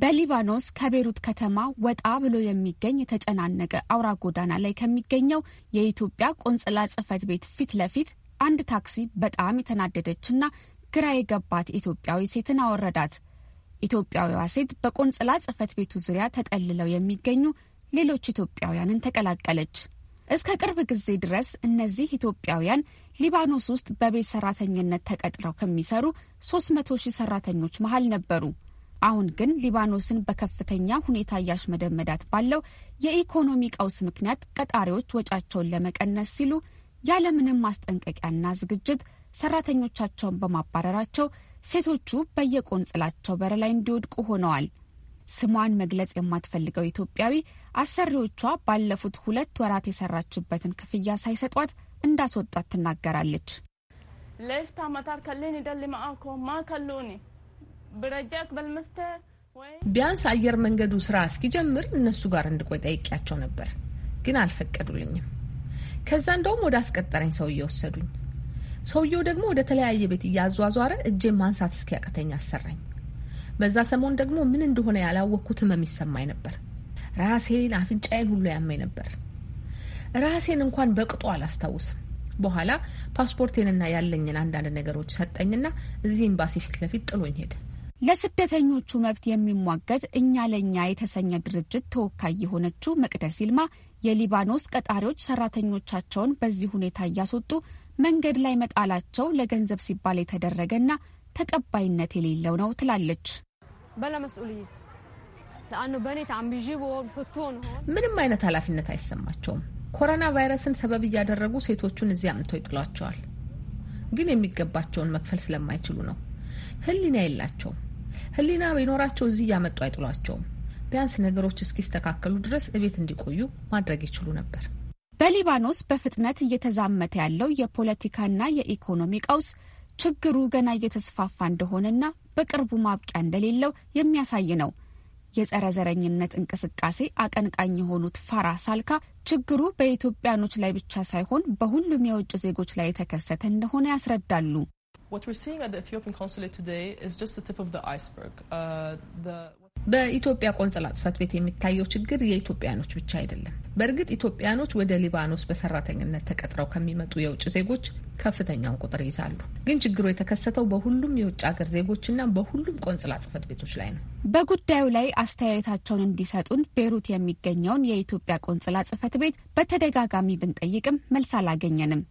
በሊባኖስ ከቤሩት ከተማ ወጣ ብሎ የሚገኝ የተጨናነቀ አውራ ጎዳና ላይ ከሚገኘው የኢትዮጵያ ቆንጽላ ጽህፈት ቤት ፊት ለፊት አንድ ታክሲ በጣም የተናደደችና ግራ የገባት ኢትዮጵያዊ ሴትን አወረዳት። ኢትዮጵያዊዋ ሴት በቆንጽላ ጽህፈት ቤቱ ዙሪያ ተጠልለው የሚገኙ ሌሎች ኢትዮጵያውያንን ተቀላቀለች። እስከ ቅርብ ጊዜ ድረስ እነዚህ ኢትዮጵያውያን ሊባኖስ ውስጥ በቤት ሰራተኝነት ተቀጥረው ከሚሰሩ 300 ሺህ ሰራተኞች መሀል ነበሩ። አሁን ግን ሊባኖስን በከፍተኛ ሁኔታ እያሽመደመዳት ባለው የኢኮኖሚ ቀውስ ምክንያት ቀጣሪዎች ወጫቸውን ለመቀነስ ሲሉ ያለምንም ማስጠንቀቂያና ዝግጅት ሰራተኞቻቸውን በማባረራቸው ሴቶቹ በየቆንጽላቸው በር ላይ እንዲወድቁ ሆነዋል። ስሟን መግለጽ የማትፈልገው ኢትዮጵያዊ አሰሪዎቿ ባለፉት ሁለት ወራት የሰራችበትን ክፍያ ሳይሰጧት እንዳስወጧት ትናገራለች። ቢያንስ አየር መንገዱ ስራ እስኪጀምር እነሱ ጋር እንድቆይ ጠይቄያቸው ነበር፣ ግን አልፈቀዱልኝም። ከዛ እንደውም ወደ አስቀጠረኝ ሰው እየወሰዱኝ ሰውየው ደግሞ ወደ ተለያየ ቤት እያዟዟረ እጄ ማንሳት እስኪያቅተኝ አሰራኝ። በዛ ሰሞን ደግሞ ምን እንደሆነ ያላወቅኩት ህመም ይሰማኝ ነበር። ራሴን፣ አፍንጫዬን ሁሉ ያመኝ ነበር። ራሴን እንኳን በቅጡ አላስታውስም። በኋላ ፓስፖርቴንና ያለኝን አንዳንድ ነገሮች ሰጠኝና እዚህ ኤምባሲ ፊት ለፊት ጥሎኝ ሄደ። ለስደተኞቹ መብት የሚሟገት እኛ ለእኛ የተሰኘ ድርጅት ተወካይ የሆነችው መቅደስ ይልማ የሊባኖስ ቀጣሪዎች ሰራተኞቻቸውን በዚህ ሁኔታ እያስወጡ መንገድ ላይ መጣላቸው ለገንዘብ ሲባል የተደረገና ተቀባይነት የሌለው ነው ትላለች። ምንም አይነት ኃላፊነት አይሰማቸውም። ኮሮና ቫይረስን ሰበብ እያደረጉ ሴቶቹን እዚያ አምጥተው ይጥሏቸዋል። ግን የሚገባቸውን መክፈል ስለማይችሉ ነው። ህሊና የላቸውም። ህሊና ቢኖራቸው እዚህ እያመጡ አይጥሏቸውም። ቢያንስ ነገሮች እስኪስተካከሉ ድረስ እቤት እንዲቆዩ ማድረግ ይችሉ ነበር። በሊባኖስ በፍጥነት እየተዛመተ ያለው የፖለቲካና የኢኮኖሚ ቀውስ ችግሩ ገና እየተስፋፋ እንደሆነና በቅርቡ ማብቂያ እንደሌለው የሚያሳይ ነው። የጸረ ዘረኝነት እንቅስቃሴ አቀንቃኝ የሆኑት ፋራ ሳልካ ችግሩ በኢትዮጵያኖች ላይ ብቻ ሳይሆን በሁሉም የውጭ ዜጎች ላይ የተከሰተ እንደሆነ ያስረዳሉ። በኢትዮጵያ ቆንጽላ ጽፈት ቤት የሚታየው ችግር የኢትዮጵያኖች ብቻ አይደለም። በእርግጥ ኢትዮጵያኖች ወደ ሊባኖስ በሰራተኝነት ተቀጥረው ከሚመጡ የውጭ ዜጎች ከፍተኛውን ቁጥር ይዛሉ። ግን ችግሩ የተከሰተው በሁሉም የውጭ ሀገር ዜጎችና በሁሉም ቆንጽላ ጽፈት ቤቶች ላይ ነው። በጉዳዩ ላይ አስተያየታቸውን እንዲሰጡን ቤሩት የሚገኘውን የኢትዮጵያ ቆንጽላ ጽፈት ቤት በተደጋጋሚ ብንጠይቅም መልስ አላገኘንም።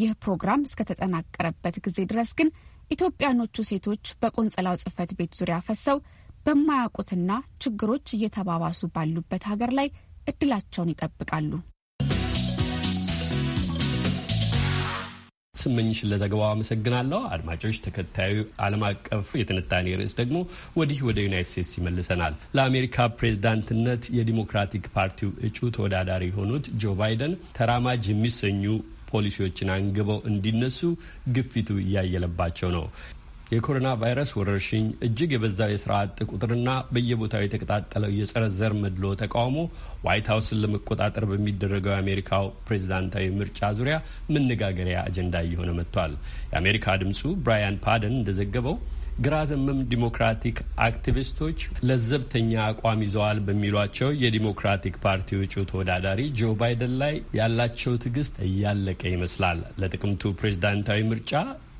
ይህ ፕሮግራም እስከተጠናቀረበት ጊዜ ድረስ ግን ኢትዮጵያኖቹ ሴቶች በቆንጽላው ጽፈት ቤት ዙሪያ ፈሰው በማያውቁትና ችግሮች እየተባባሱ ባሉበት ሀገር ላይ እድላቸውን ይጠብቃሉ። ስመኝሽ ለዘገባው አመሰግናለሁ። አድማጮች፣ ተከታዩ ዓለም አቀፍ የትንታኔ ርዕስ ደግሞ ወዲህ ወደ ዩናይት ስቴትስ ይመልሰናል። ለአሜሪካ ፕሬዝዳንትነት የዲሞክራቲክ ፓርቲው እጩ ተወዳዳሪ የሆኑት ጆ ባይደን ተራማጅ የሚሰኙ ፖሊሲዎችን አንግበው እንዲነሱ ግፊቱ እያየለባቸው ነው። የኮሮና ቫይረስ ወረርሽኝ፣ እጅግ የበዛው የስራ አጥ ቁጥርና በየቦታው የተቀጣጠለው የጸረ ዘር መድሎ ተቃውሞ ዋይት ሀውስን ለመቆጣጠር በሚደረገው የአሜሪካው ፕሬዚዳንታዊ ምርጫ ዙሪያ መነጋገሪያ አጀንዳ እየሆነ መጥቷል። የአሜሪካ ድምጹ ብራያን ፓደን እንደዘገበው ግራ ዘመም ዲሞክራቲክ አክቲቪስቶች ለዘብተኛ አቋም ይዘዋል በሚሏቸው የዲሞክራቲክ ፓርቲ እጩ ተወዳዳሪ ጆ ባይደን ላይ ያላቸው ትዕግስት እያለቀ ይመስላል። ለጥቅምቱ ፕሬዝዳንታዊ ምርጫ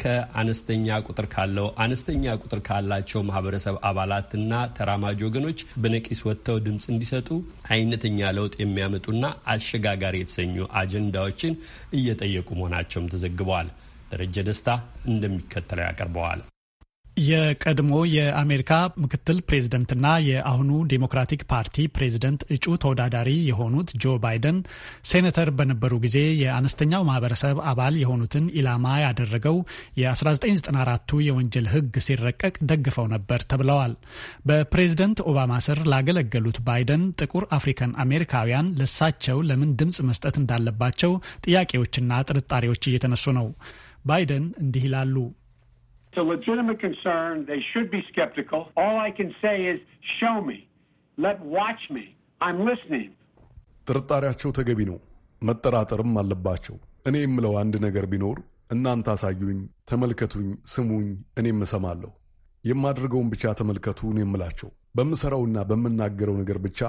ከአነስተኛ ቁጥር ካለው አነስተኛ ቁጥር ካላቸው ማህበረሰብ አባላትና ተራማጅ ወገኖች በነቂስ ወጥተው ድምፅ እንዲሰጡ አይነተኛ ለውጥ የሚያመጡና አሸጋጋሪ የተሰኙ አጀንዳዎችን እየጠየቁ መሆናቸውም ተዘግበዋል። ደረጀ ደስታ እንደሚከተለው ያቀርበዋል። የቀድሞ የአሜሪካ ምክትል ፕሬዝደንትና የአሁኑ ዴሞክራቲክ ፓርቲ ፕሬዝደንት እጩ ተወዳዳሪ የሆኑት ጆ ባይደን ሴኔተር በነበሩ ጊዜ የአነስተኛው ማህበረሰብ አባል የሆኑትን ኢላማ ያደረገው የ1994ቱ የወንጀል ሕግ ሲረቀቅ ደግፈው ነበር ተብለዋል። በፕሬዝደንት ኦባማ ስር ላገለገሉት ባይደን ጥቁር አፍሪካን አሜሪካውያን ለሳቸው ለምን ድምፅ መስጠት እንዳለባቸው ጥያቄዎችና ጥርጣሬዎች እየተነሱ ነው። ባይደን እንዲህ ይላሉ። It's a legitimate concern. They should be skeptical. All I can say is show me. Let watch me. I'm listening. ጥርጣሬያቸው ተገቢ ነው። መጠራጠርም አለባቸው። እኔ የምለው አንድ ነገር ቢኖር እናንተ አሳዩኝ፣ ተመልከቱኝ፣ ስሙኝ፣ እኔም እሰማለሁ። የማደርገውን ብቻ ተመልከቱ ነው የምላቸው። በምሰራውና በምናገረው ነገር ብቻ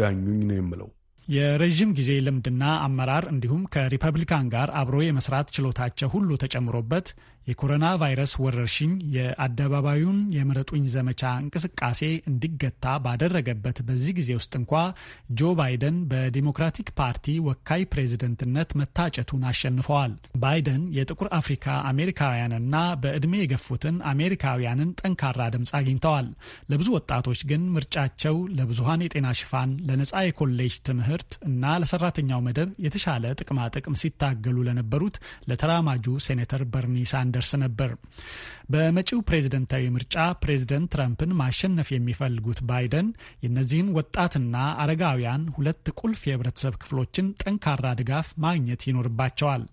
ዳኙኝ ነው የምለው። የረዥም ጊዜ ልምድና አመራር እንዲሁም ከሪፐብሊካን ጋር አብሮ የመስራት ችሎታቸው ሁሉ ተጨምሮበት የኮሮና ቫይረስ ወረርሽኝ የአደባባዩን የምረጡኝ ዘመቻ እንቅስቃሴ እንዲገታ ባደረገበት በዚህ ጊዜ ውስጥ እንኳ ጆ ባይደን በዲሞክራቲክ ፓርቲ ወካይ ፕሬዝደንትነት መታጨቱን አሸንፈዋል። ባይደን የጥቁር አፍሪካ አሜሪካውያንና በዕድሜ የገፉትን አሜሪካውያንን ጠንካራ ድምፅ አግኝተዋል። ለብዙ ወጣቶች ግን ምርጫቸው ለብዙሃን የጤና ሽፋን፣ ለነፃ የኮሌጅ ትምህርት እና ለሰራተኛው መደብ የተሻለ ጥቅማጥቅም ሲታገሉ ለነበሩት ለተራማጁ ሴኔተር በርኒ እንደርስ ነበር። በመጪው ፕሬዝደንታዊ ምርጫ ፕሬዝደንት ትራምፕን ማሸነፍ የሚፈልጉት ባይደን የእነዚህን ወጣትና አረጋውያን ሁለት ቁልፍ የህብረተሰብ ክፍሎችን ጠንካራ ድጋፍ ማግኘት ይኖርባቸዋል።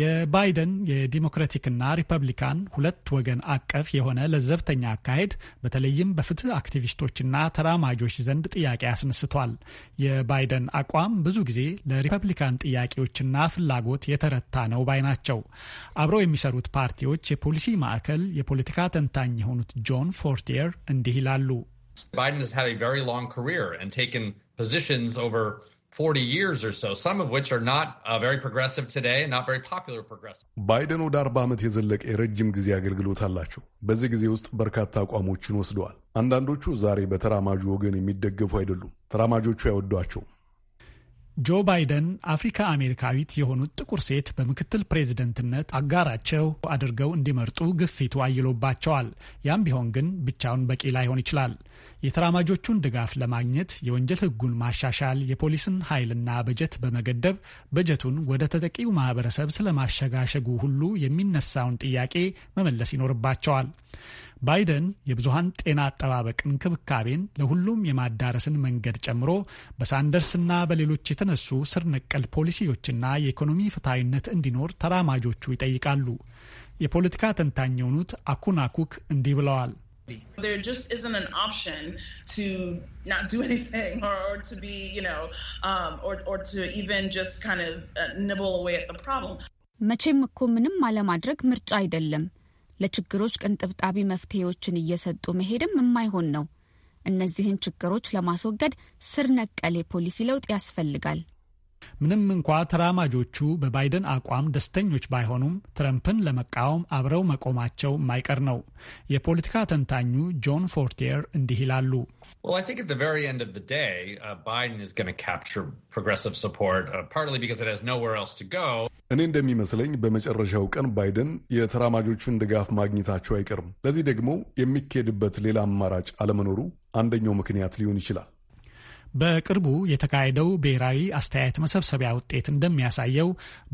የባይደን የዲሞክራቲክና ሪፐብሊካን ሁለት ወገን አቀፍ የሆነ ለዘብተኛ አካሄድ በተለይም በፍትህ አክቲቪስቶችና ተራማጆች ዘንድ ጥያቄ አስነስቷል። የባይደን አቋም ብዙ ጊዜ ለሪፐብሊካን ጥያቄዎችና ፍላጎት የተረታ ነው ባይ ናቸው። አብረው የሚሰሩት ፓርቲዎች የፖሊሲ ማዕከል የፖለቲካ ተንታኝ የሆኑት ጆን ፎርቲየር እንዲህ ይላሉ። 40 years or so, some of which are not uh, very progressive today and not very popular progressive. ባይደን ወደ 40 ዓመት የዘለቀ የረጅም ጊዜ አገልግሎት አላቸው። በዚህ ጊዜ ውስጥ በርካታ አቋሞችን ወስደዋል። አንዳንዶቹ ዛሬ በተራማጁ ወገን የሚደገፉ አይደሉም። ተራማጆቹ አይወዷቸውም። ጆ ባይደን አፍሪካ አሜሪካዊት የሆኑት ጥቁር ሴት በምክትል ፕሬዝደንትነት አጋራቸው አድርገው እንዲመርጡ ግፊቱ አይሎባቸዋል። ያም ቢሆን ግን ብቻውን በቂ ላይሆን ይችላል። የተራማጆቹን ድጋፍ ለማግኘት የወንጀል ሕጉን ማሻሻል፣ የፖሊስን ኃይልና በጀት በመገደብ በጀቱን ወደ ተጠቂው ማህበረሰብ ስለማሸጋሸጉ ሁሉ የሚነሳውን ጥያቄ መመለስ ይኖርባቸዋል። ባይደን የብዙሀን ጤና አጠባበቅ እንክብካቤን ለሁሉም የማዳረስን መንገድ ጨምሮ በሳንደርስና በሌሎች የተነሱ ስር ነቀል ፖሊሲዎችና የኢኮኖሚ ፍትሐዊነት እንዲኖር ተራማጆቹ ይጠይቃሉ። የፖለቲካ ተንታኝ የሆኑት አኩናኩክ እንዲህ ብለዋል። There just isn't an option to not do anything or, or to be, you know, um, or, or to even just kind of uh, nibble away at the problem. መቼም እኮ ምንም አለማድረግ ምርጫ አይደለም። ለችግሮች ቅንጥብጣቢ መፍትሄዎችን እየሰጡ መሄድም የማይሆን ነው። እነዚህን ችግሮች ለማስወገድ ስር ነቀል የፖሊሲ ለውጥ ያስፈልጋል። ምንም እንኳ ተራማጆቹ በባይደን አቋም ደስተኞች ባይሆኑም ትረምፕን ለመቃወም አብረው መቆማቸው ማይቀር ነው። የፖለቲካ ተንታኙ ጆን ፎርቲየር እንዲህ ይላሉ። uh, uh, እኔ እንደሚመስለኝ በመጨረሻው ቀን ባይደን የተራማጆቹን ድጋፍ ማግኘታቸው አይቀርም። ለዚህ ደግሞ የሚካሄድበት ሌላ አማራጭ አለመኖሩ አንደኛው ምክንያት ሊሆን ይችላል። በቅርቡ የተካሄደው ብሔራዊ አስተያየት መሰብሰቢያ ውጤት እንደሚያሳየው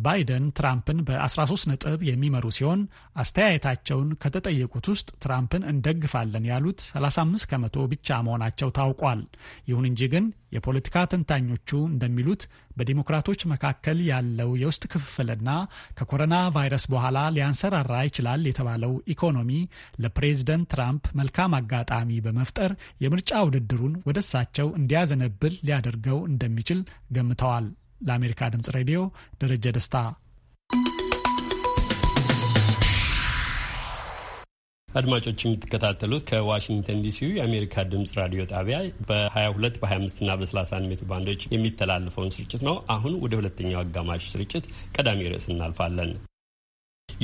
ባይደን ትራምፕን በ13 ነጥብ የሚመሩ ሲሆን አስተያየታቸውን ከተጠየቁት ውስጥ ትራምፕን እንደግፋለን ያሉት 35 ከመቶ ብቻ መሆናቸው ታውቋል። ይሁን እንጂ ግን የፖለቲካ ተንታኞቹ እንደሚሉት በዲሞክራቶች መካከል ያለው የውስጥ ክፍፍልና ከኮሮና ቫይረስ በኋላ ሊያንሰራራ ይችላል የተባለው ኢኮኖሚ ለፕሬዝደንት ትራምፕ መልካም አጋጣሚ በመፍጠር የምርጫ ውድድሩን ወደ እሳቸው እንዲያዘነብል ሊያደርገው እንደሚችል ገምተዋል። ለአሜሪካ ድምጽ ሬዲዮ ደረጀ ደስታ አድማጮች የምትከታተሉት ከዋሽንግተን ዲሲ የአሜሪካ ድምጽ ራዲዮ ጣቢያ በ22 በ25 እና በ31 ሜትር ባንዶች የሚተላለፈውን ስርጭት ነው። አሁን ወደ ሁለተኛው አጋማሽ ስርጭት ቀዳሚ ርዕስ እናልፋለን።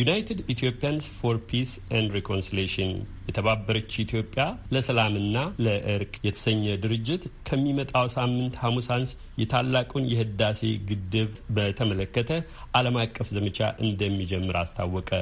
ዩናይትድ ኢትዮጵያንስ ፎር ፒስ ኤንድ ሪኮንሲሌሽን የተባበረች ኢትዮጵያ ለሰላምና ለእርቅ የተሰኘ ድርጅት ከሚመጣው ሳምንት ሐሙስ አንስ የታላቁን የህዳሴ ግድብ በተመለከተ ዓለም አቀፍ ዘመቻ እንደሚጀምር አስታወቀ።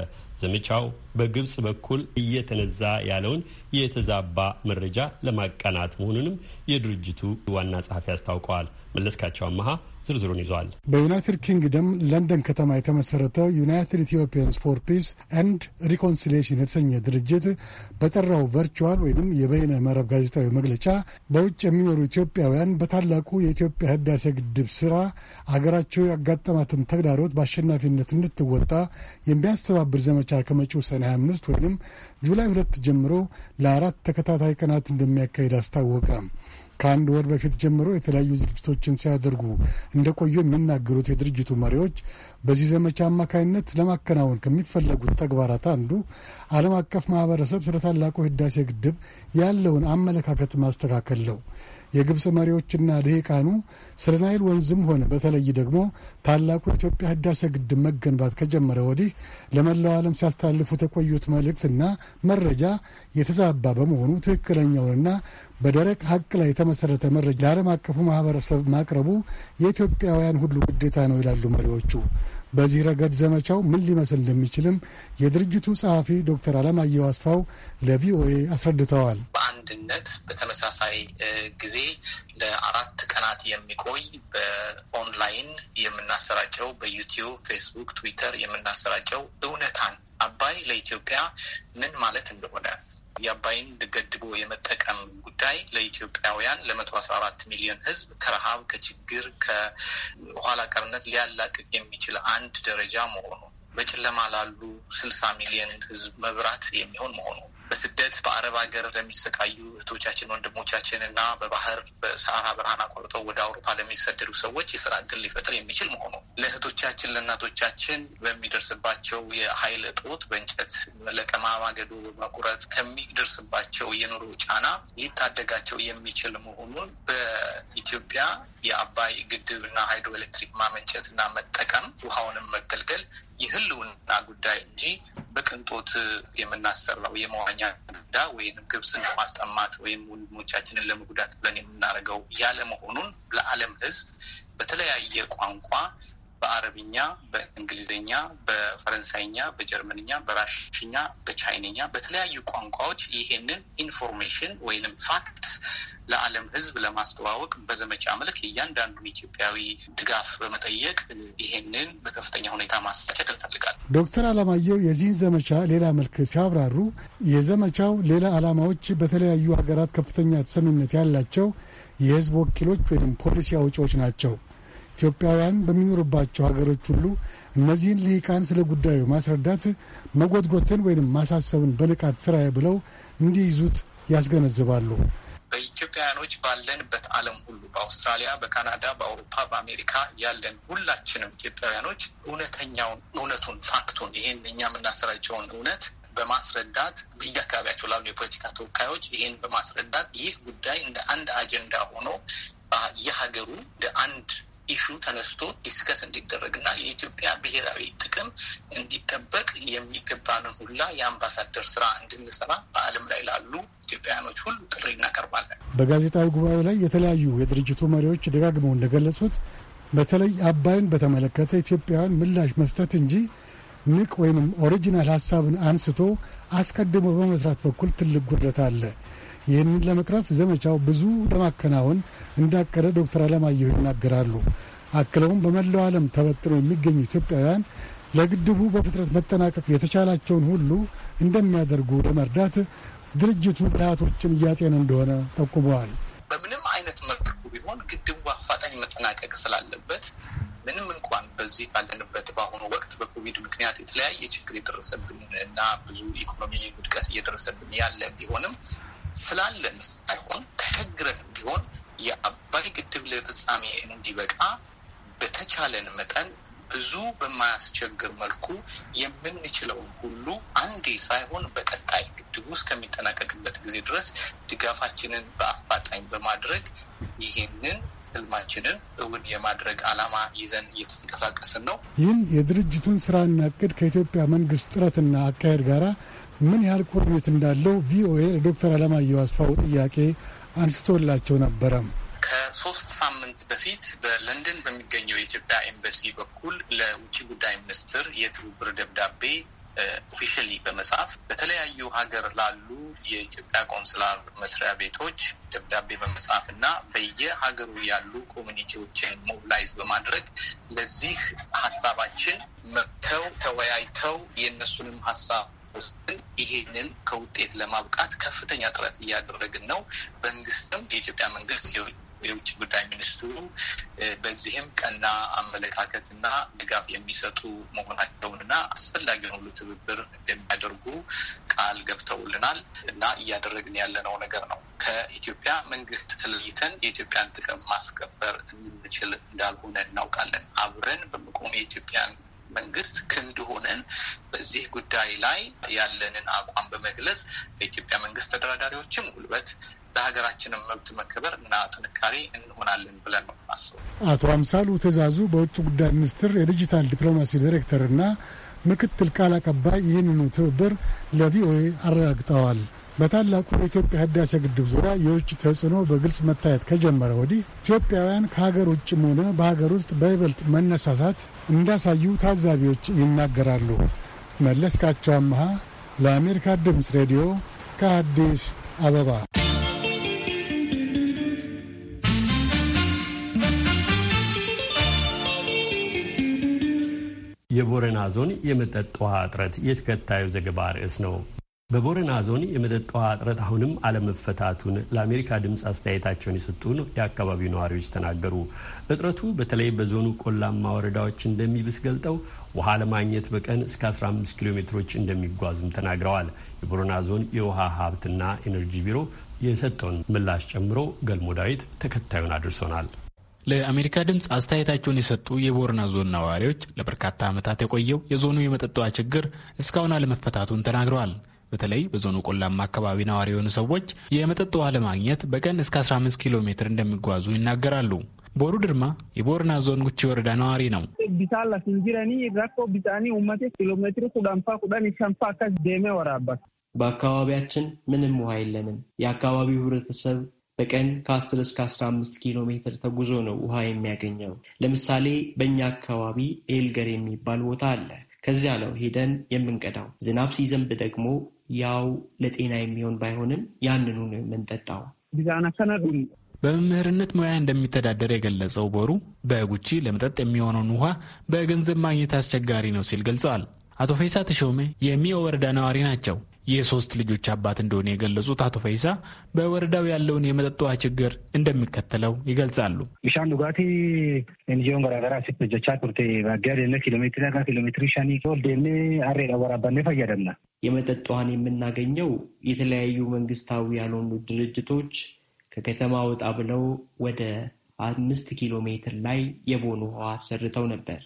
ዘመቻው በግብጽ በኩል እየተነዛ ያለውን የተዛባ መረጃ ለማቀናት መሆኑንም የድርጅቱ ዋና ጸሐፊ አስታውቀዋል። መለስካቸው አመሃ ዝርዝሩን ይዟል። በዩናይትድ ኪንግደም ለንደን ከተማ የተመሰረተው ዩናይትድ ኢትዮጵያንስ ፎር ፒስ ኤንድ ሪኮንሲሌሽን የተሰኘ ድርጅት በጠራው ቨርቹዋል ወይም የበይነ መረብ ጋዜጣዊ መግለጫ በውጭ የሚኖሩ ኢትዮጵያውያን በታላቁ የኢትዮጵያ ህዳሴ ግድብ ስራ አገራቸው ያጋጠማትን ተግዳሮት በአሸናፊነት እንድትወጣ የሚያስተባብር ዘመቻ ከመጪው ሰኔ 25 ወይም ጁላይ ሁለት ጀምሮ ለአራት ተከታታይ ቀናት እንደሚያካሂድ አስታወቀ። ከአንድ ወር በፊት ጀምሮ የተለያዩ ዝግጅቶችን ሲያደርጉ እንደቆዩ የሚናገሩት የድርጅቱ መሪዎች በዚህ ዘመቻ አማካይነት ለማከናወን ከሚፈለጉት ተግባራት አንዱ ዓለም አቀፍ ማህበረሰብ ስለ ታላቁ ህዳሴ ግድብ ያለውን አመለካከት ማስተካከል ነው። የግብፅ መሪዎችና ልሂቃኑ ስለ ናይል ወንዝም ሆነ በተለይ ደግሞ ታላቁ የኢትዮጵያ ህዳሴ ግድብ መገንባት ከጀመረ ወዲህ ለመላው ዓለም ሲያስተላልፉት የቆዩት መልእክትና መረጃ የተዛባ በመሆኑ ትክክለኛውንና በደረቅ ሀቅ ላይ የተመሰረተ መረጃ ለዓለም አቀፉ ማህበረሰብ ማቅረቡ የኢትዮጵያውያን ሁሉ ግዴታ ነው ይላሉ መሪዎቹ። በዚህ ረገድ ዘመቻው ምን ሊመስል እንደሚችልም የድርጅቱ ጸሐፊ ዶክተር አለማየሁ አስፋው ለቪኦኤ አስረድተዋል። በአንድነት በተመሳሳይ ጊዜ ለአራት ቀናት የሚቆይ በኦንላይን የምናሰራጨው በዩቲዩብ፣ ፌስቡክ፣ ትዊተር የምናሰራጨው እውነታን አባይ ለኢትዮጵያ ምን ማለት እንደሆነ የአባይን ገድቦ የመጠቀም ጉዳይ ለኢትዮጵያውያን ለመቶ አስራ አራት ሚሊዮን ህዝብ ከረሃብ፣ ከችግር፣ ከኋላ ቀርነት ሊያላቅቅ የሚችል አንድ ደረጃ መሆኑ በጨለማ ላሉ ስልሳ ሚሊዮን ህዝብ መብራት የሚሆን መሆኑ በስደት በአረብ ሀገር ለሚሰቃዩ እህቶቻችን ወንድሞቻችን እና በባህር በሰሃራ በረሃን አቋርጠው ወደ አውሮፓ ለሚሰደዱ ሰዎች የስራ እድል ሊፈጥር የሚችል መሆኑ ለእህቶቻችን ለእናቶቻችን በሚደርስባቸው የሀይል እጦት በእንጨት ለቀማ ማገዶ በመቁረጥ ከሚደርስባቸው የኑሮ ጫና ሊታደጋቸው የሚችል መሆኑን በኢትዮጵያ የአባይ ግድብ እና ሃይድሮ ኤሌክትሪክ ማመንጨት እና መጠቀም ውሃውንም መገልገል የህልውና ጉዳይ እንጂ በቅንጦት የምናሰራው የመዋኛ ዩጋንዳ ወይም ግብፅን ለማስጠማት ወይም ወንድሞቻችንን ለመጉዳት ብለን የምናደርገው ያለመሆኑን ለዓለም ሕዝብ በተለያየ ቋንቋ በአረብኛ፣ በእንግሊዝኛ፣ በፈረንሳይኛ፣ በጀርመንኛ፣ በራሽኛ፣ በቻይንኛ በተለያዩ ቋንቋዎች ይሄንን ኢንፎርሜሽን ወይንም ፋክት ለዓለም ሕዝብ ለማስተዋወቅ በዘመቻ መልክ እያንዳንዱን ኢትዮጵያዊ ድጋፍ በመጠየቅ ይሄንን በከፍተኛ ሁኔታ ማሳቸት እንፈልጋለን። ዶክተር አለማየሁ የዚህን ዘመቻ ሌላ መልክ ሲያብራሩ የዘመቻው ሌላ ዓላማዎች በተለያዩ ሀገራት ከፍተኛ ተሰሚነት ያላቸው የህዝብ ወኪሎች ወይም ፖሊሲ አውጪዎች ናቸው። ኢትዮጵያውያን በሚኖሩባቸው ሀገሮች ሁሉ እነዚህን ልሂቃን ስለ ጉዳዩ ማስረዳት፣ መጎትጎትን ወይም ማሳሰብን በንቃት ስራዬ ብለው እንዲይዙት ያስገነዝባሉ። በኢትዮጵያውያኖች ባለንበት ዓለም ሁሉ በአውስትራሊያ፣ በካናዳ፣ በአውሮፓ፣ በአሜሪካ ያለን ሁላችንም ኢትዮጵያውያኖች እውነተኛውን እውነቱን ፋክቱን ይሄን እኛ የምናሰራጨውን እውነት በማስረዳት በየአካባቢያቸው ላሉ የፖለቲካ ተወካዮች ይህን በማስረዳት ይህ ጉዳይ እንደ አንድ አጀንዳ ሆኖ የሀገሩ እንደ አንድ ኢሹ ተነስቶ ዲስከስ እንዲደረግ የኢትዮጵያ ብሔራዊ ጥቅም እንዲጠበቅ የሚገባንን ሁላ የአምባሳደር ስራ እንድንሰራ በዓለም ላይ ላሉ ኢትዮጵያውያኖች ሁሉ ጥሪ እናቀርባለን። በጋዜጣዊ ጉባኤ ላይ የተለያዩ የድርጅቱ መሪዎች ደጋግመው እንደገለጹት በተለይ አባይን በተመለከተ ኢትዮጵያውያን ምላሽ መስጠት እንጂ ንቅ ወይንም ኦሪጂናል ሀሳብን አንስቶ አስቀድሞ በመስራት በኩል ትልቅ ጉድለት አለ። ይህንን ለመቅረፍ ዘመቻው ብዙ ለማከናወን እንዳቀደ ዶክተር አለማየሁ ይናገራሉ። አክለውም በመላው ዓለም ተበጥሮ የሚገኙ ኢትዮጵያውያን ለግድቡ በፍጥነት መጠናቀቅ የተቻላቸውን ሁሉ እንደሚያደርጉ ለመርዳት ድርጅቱ ብልሃቶችን እያጤነ እንደሆነ ጠቁመዋል። በምንም አይነት መልኩ ቢሆን ግድቡ በአፋጣኝ መጠናቀቅ ስላለበት ምንም እንኳን በዚህ ባለንበት በአሁኑ ወቅት በኮቪድ ምክንያት የተለያየ ችግር የደረሰብን እና ብዙ ኢኮኖሚ ውድቀት እየደረሰብን ያለ ቢሆንም ስላለን ሳይሆን ተቸግረን ቢሆን የአባይ ግድብ ለፍጻሜ እንዲበቃ በተቻለን መጠን ብዙ በማያስቸግር መልኩ የምንችለውን ሁሉ አንዴ ሳይሆን በቀጣይ ግድቡ እስከሚጠናቀቅበት ጊዜ ድረስ ድጋፋችንን በአፋጣኝ በማድረግ ይህንን ህልማችንን እውን የማድረግ ዓላማ ይዘን እየተንቀሳቀስን ነው። ይህን የድርጅቱን ስራና እቅድ ከኢትዮጵያ መንግስት ጥረትና አካሄድ ጋራ ምን ያህል ቁርኝት እንዳለው ቪኦኤ ለዶክተር አለማየሁ አስፋው ጥያቄ አንስቶላቸው ነበረ። ከሶስት ሳምንት በፊት በለንደን በሚገኘው የኢትዮጵያ ኤምባሲ በኩል ለውጭ ጉዳይ ሚኒስትር የትብብር ደብዳቤ ኦፊሻሊ በመጻፍ በተለያዩ ሀገር ላሉ የኢትዮጵያ ቆንስላር መስሪያ ቤቶች ደብዳቤ በመጻፍ እና በየሀገሩ ያሉ ኮሚኒቲዎችን ሞብላይዝ በማድረግ ለዚህ ሀሳባችን መጥተው ተወያይተው የእነሱንም ሀሳብ ወስደን ይሄንን ከውጤት ለማብቃት ከፍተኛ ጥረት እያደረግን ነው። መንግስትም የኢትዮጵያ መንግስት የውጭ ጉዳይ ሚኒስትሩ በዚህም ቀና አመለካከትና ድጋፍ የሚሰጡ መሆናቸውንና አስፈላጊውን ሁሉ ትብብር እንደሚያደርጉ ቃል ገብተውልናል እና እያደረግን ያለነው ነገር ነው። ከኢትዮጵያ መንግስት ተለይተን የኢትዮጵያን ጥቅም ማስከበር የምንችል እንዳልሆነ እናውቃለን። አብረን በመቆም የኢትዮጵያን መንግስት ክንድ ሆነን በዚህ ጉዳይ ላይ ያለንን አቋም በመግለጽ በኢትዮጵያ መንግስት ተደራዳሪዎችም ጉልበት ለሀገራችንም መብት መከበር እና ጥንካሬ እንሆናለን ብለን ነው የምናስበው። አቶ አምሳሉ ትእዛዙ በውጭ ጉዳይ ሚኒስቴር የዲጂታል ዲፕሎማሲ እና ምክትል ቃል አቀባይ ይህንኑ ትብብር ለቪኦኤ አረጋግጠዋል። በታላቁ የኢትዮጵያ ህዳሴ ግድብ ዙሪያ የውጭ ተጽዕኖ በግልጽ መታየት ከጀመረ ወዲህ ኢትዮጵያውያን ከሀገር ውጭም ሆነ በሀገር ውስጥ በይበልጥ መነሳሳት እንዳሳዩ ታዛቢዎች ይናገራሉ። መለስካቸው አመሃ ለአሜሪካ ድምፅ ሬዲዮ ከአዲስ አበባ የቦረና ዞን የመጠጥ ውሃ እጥረት የተከታዩ ዘገባ ርዕስ ነው። በቦረና ዞን የመጠጥ ውሃ እጥረት አሁንም አለመፈታቱን ለአሜሪካ ድምፅ አስተያየታቸውን የሰጡን የአካባቢው ነዋሪዎች ተናገሩ። እጥረቱ በተለይ በዞኑ ቆላማ ወረዳዎች እንደሚብስ ገልጠው ውሃ ለማግኘት በቀን እስከ 15 ኪሎ ሜትሮች እንደሚጓዙም ተናግረዋል። የቦረና ዞን የውሃ ሀብትና ኤነርጂ ቢሮ የሰጠውን ምላሽ ጨምሮ ገልሞ ዳዊት ተከታዩን አድርሶናል። ለአሜሪካ ድምፅ አስተያየታቸውን የሰጡ የቦረና ዞን ነዋሪዎች ለበርካታ ዓመታት የቆየው የዞኑ ውሃ ችግር እስካሁን አለመፈታቱን ተናግረዋል። በተለይ በዞኑ ቆላማ አካባቢ ነዋሪ የሆኑ ሰዎች የመጠጥ ውሃ ለማግኘት በቀን እስከ 15 ኪሎ ሜትር እንደሚጓዙ ይናገራሉ። ቦሩ ድርማ የቦረና ዞን ጉቺ ወረዳ ነዋሪ ነው። በአካባቢያችን ምንም ውሃ የለንም። የአካባቢው ህብረተሰብ በቀን ከ10 እስከ 15 ኪሎ ሜትር ተጉዞ ነው ውሃ የሚያገኘው። ለምሳሌ በእኛ አካባቢ ኤልገር የሚባል ቦታ አለ። ከዚያ ነው ሄደን የምንቀዳው። ዝናብ ሲዘንብ ደግሞ ያው ለጤና የሚሆን ባይሆንም ያንኑ ነው የምንጠጣው። በመምህርነት ሙያ እንደሚተዳደር የገለጸው ቦሩ በጉቺ ለመጠጥ የሚሆነውን ውሃ በገንዘብ ማግኘት አስቸጋሪ ነው ሲል ገልጸዋል። አቶ ፌሳ ተሾሜ የሚኦ ወረዳ ነዋሪ ናቸው። የሶስት ልጆች አባት እንደሆነ የገለጹት አቶ ፈይሳ በወረዳው ያለውን የመጠጥ ውሃ ችግር እንደሚከተለው ይገልጻሉ። ሻን ዱጋቲ ኤንጂዮን ገራገራ ሲጀቻ ቱርቴ ባጊያ ደነ ኪሎሜትር ጋ ኪሎሜትር ሻኒ ወልዴኔ አሬ ወራባኔ ፈያደምና የመጠጥ ውሃን የምናገኘው የተለያዩ መንግስታዊ ያልሆኑ ድርጅቶች ከከተማ ወጣ ብለው ወደ አምስት ኪሎ ሜትር ላይ የቦኑ ውሃ አሰርተው ነበር።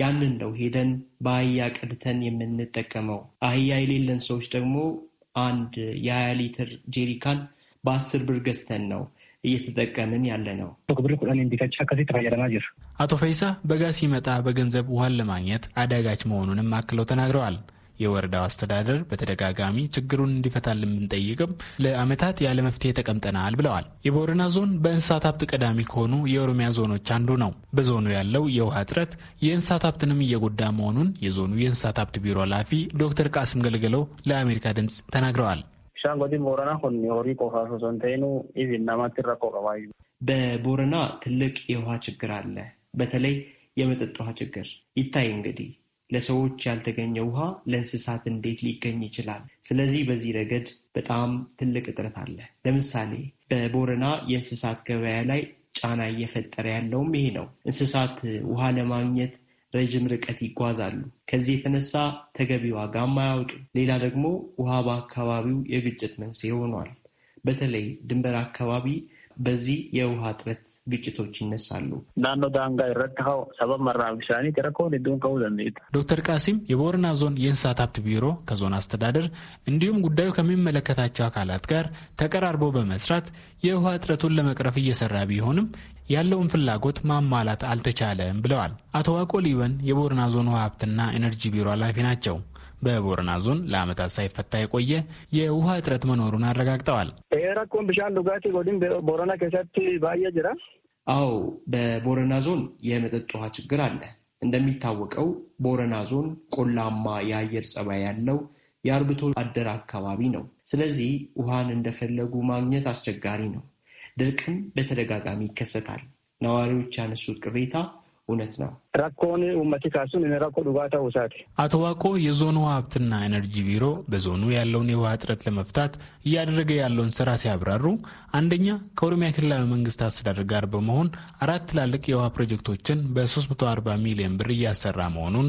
ያንን ነው ሄደን በአህያ ቀድተን የምንጠቀመው። አህያ የሌለን ሰዎች ደግሞ አንድ የሀያ ሊትር ጄሪካን በአስር ብር ገዝተን ነው እየተጠቀምን ያለ ነው። አቶ ፈይሳ በጋ ሲመጣ በገንዘብ ውሃን ለማግኘት አዳጋች መሆኑንም አክለው ተናግረዋል። የወረዳው አስተዳደር በተደጋጋሚ ችግሩን እንዲፈታልን ብንጠይቅም ለአመታት ያለ መፍትሄ ተቀምጠናል ብለዋል። የቦረና ዞን በእንስሳት ሀብት ቀዳሚ ከሆኑ የኦሮሚያ ዞኖች አንዱ ነው። በዞኑ ያለው የውሃ እጥረት የእንስሳት ሀብትንም እየጎዳ መሆኑን የዞኑ የእንስሳት ሀብት ቢሮ ኃላፊ ዶክተር ቃስም ገልገለው ለአሜሪካ ድምፅ ተናግረዋል። በቦረና ትልቅ የውሃ ችግር አለ። በተለይ የመጠጥ ውሃ ችግር ይታይ እንግዲህ ለሰዎች ያልተገኘ ውሃ ለእንስሳት እንዴት ሊገኝ ይችላል? ስለዚህ በዚህ ረገድ በጣም ትልቅ እጥረት አለ። ለምሳሌ በቦረና የእንስሳት ገበያ ላይ ጫና እየፈጠረ ያለውም ይሄ ነው። እንስሳት ውሃ ለማግኘት ረዥም ርቀት ይጓዛሉ። ከዚህ የተነሳ ተገቢ ዋጋም አያወጡ። ሌላ ደግሞ ውሃ በአካባቢው የግጭት መንስኤ ሆኗል። በተለይ ድንበር አካባቢ በዚህ የውሃ እጥረት ግጭቶች ይነሳሉ። ዶክተር ቃሲም የቦረና ዞን የእንስሳት ሀብት ቢሮ ከዞን አስተዳደር እንዲሁም ጉዳዩ ከሚመለከታቸው አካላት ጋር ተቀራርቦ በመስራት የውሃ እጥረቱን ለመቅረፍ እየሰራ ቢሆንም ያለውን ፍላጎት ማሟላት አልተቻለም ብለዋል። አቶ ዋቆ ሊበን የቦረና ዞን ውሃ ሀብትና ኤነርጂ ቢሮ ኃላፊ ናቸው። በቦረና ዞን ለአመታት ሳይፈታ የቆየ የውሃ እጥረት መኖሩን አረጋግጠዋል። ራኮን ብሻን ዱጋቲ ጎዲን ቦረና ከሰት ባየ ጅራ አዎ፣ በቦረና ዞን የመጠጥ ውሃ ችግር አለ። እንደሚታወቀው ቦረና ዞን ቆላማ የአየር ጸባይ ያለው የአርብቶ አደር አካባቢ ነው። ስለዚህ ውሃን እንደፈለጉ ማግኘት አስቸጋሪ ነው። ድርቅም በተደጋጋሚ ይከሰታል። ነዋሪዎች ያነሱት ቅሬታ እውነት ነው። ራኮን ኡመቲ ካሱን ራኮ ዱጋ ታው አቶ ዋቆ የዞኑ ሀብትና ኤነርጂ ቢሮ በዞኑ ያለውን የውሃ እጥረት ለመፍታት እያደረገ ያለውን ስራ ሲያብራሩ አንደኛ ከኦሮሚያ ክልላዊ መንግስት አስተዳደር ጋር በመሆን አራት ትላልቅ የውሃ ፕሮጀክቶችን በ340 ሚሊዮን ብር እያሰራ መሆኑን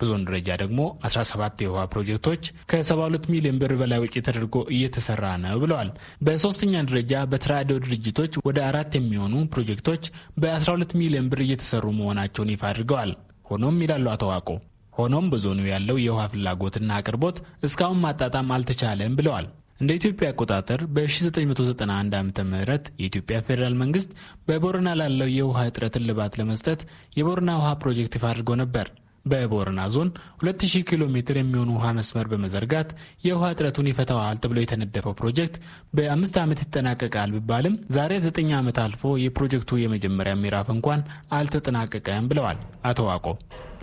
በዞን ደረጃ ደግሞ 17 የውሃ ፕሮጀክቶች ከ72 ሚሊዮን ብር በላይ ውጭ ተደርጎ እየተሰራ ነው ብለዋል። በሶስተኛ ደረጃ በተራድኦ ድርጅቶች ወደ አራት የሚሆኑ ፕሮጀክቶች በ12 ሚሊዮን ብር እየተሰሩ መሆናቸውን ይፋ አድርገዋል። ሆኖም ይላሉ አቶ ዋቆ ሆኖም በዞኑ ያለው የውሃ ፍላጎትና አቅርቦት እስካሁን ማጣጣም አልተቻለም ብለዋል። እንደ ኢትዮጵያ አቆጣጠር በ1991 ዓ ም የኢትዮጵያ ፌዴራል መንግስት በቦረና ላለው የውሃ እጥረት እልባት ለመስጠት የቦረና ውሃ ፕሮጀክት ይፋ አድርጎ ነበር። በቦረና ዞን 200 ኪሎ ሜትር የሚሆኑ ውሃ መስመር በመዘርጋት የውሃ እጥረቱን ይፈተዋል ተብሎ የተነደፈው ፕሮጀክት በአምስት ዓመት ይጠናቀቃል ቢባልም ዛሬ ዘጠኝ ዓመት አልፎ የፕሮጀክቱ የመጀመሪያ ምዕራፍ እንኳን አልተጠናቀቀም ብለዋል አቶ ዋቆ።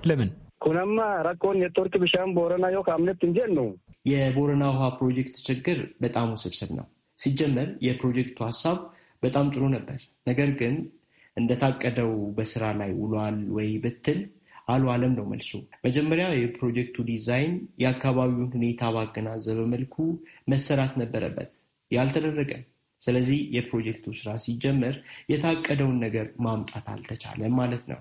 ለምን ኩናማ ራኮን የቶርክ ብሻን ቦረና ዮ ከአምነት እንጀን ነው። የቦረና ውሃ ፕሮጀክት ችግር በጣም ውስብስብ ነው። ሲጀመር የፕሮጀክቱ ሀሳብ በጣም ጥሩ ነበር። ነገር ግን እንደታቀደው በስራ ላይ ውሏል ወይ ብትል አሉ አለም ነው መልሱ። መጀመሪያ የፕሮጀክቱ ዲዛይን የአካባቢውን ሁኔታ ባገናዘበ መልኩ መሰራት ነበረበት፣ ያልተደረገም። ስለዚህ የፕሮጀክቱ ስራ ሲጀመር የታቀደውን ነገር ማምጣት አልተቻለም ማለት ነው።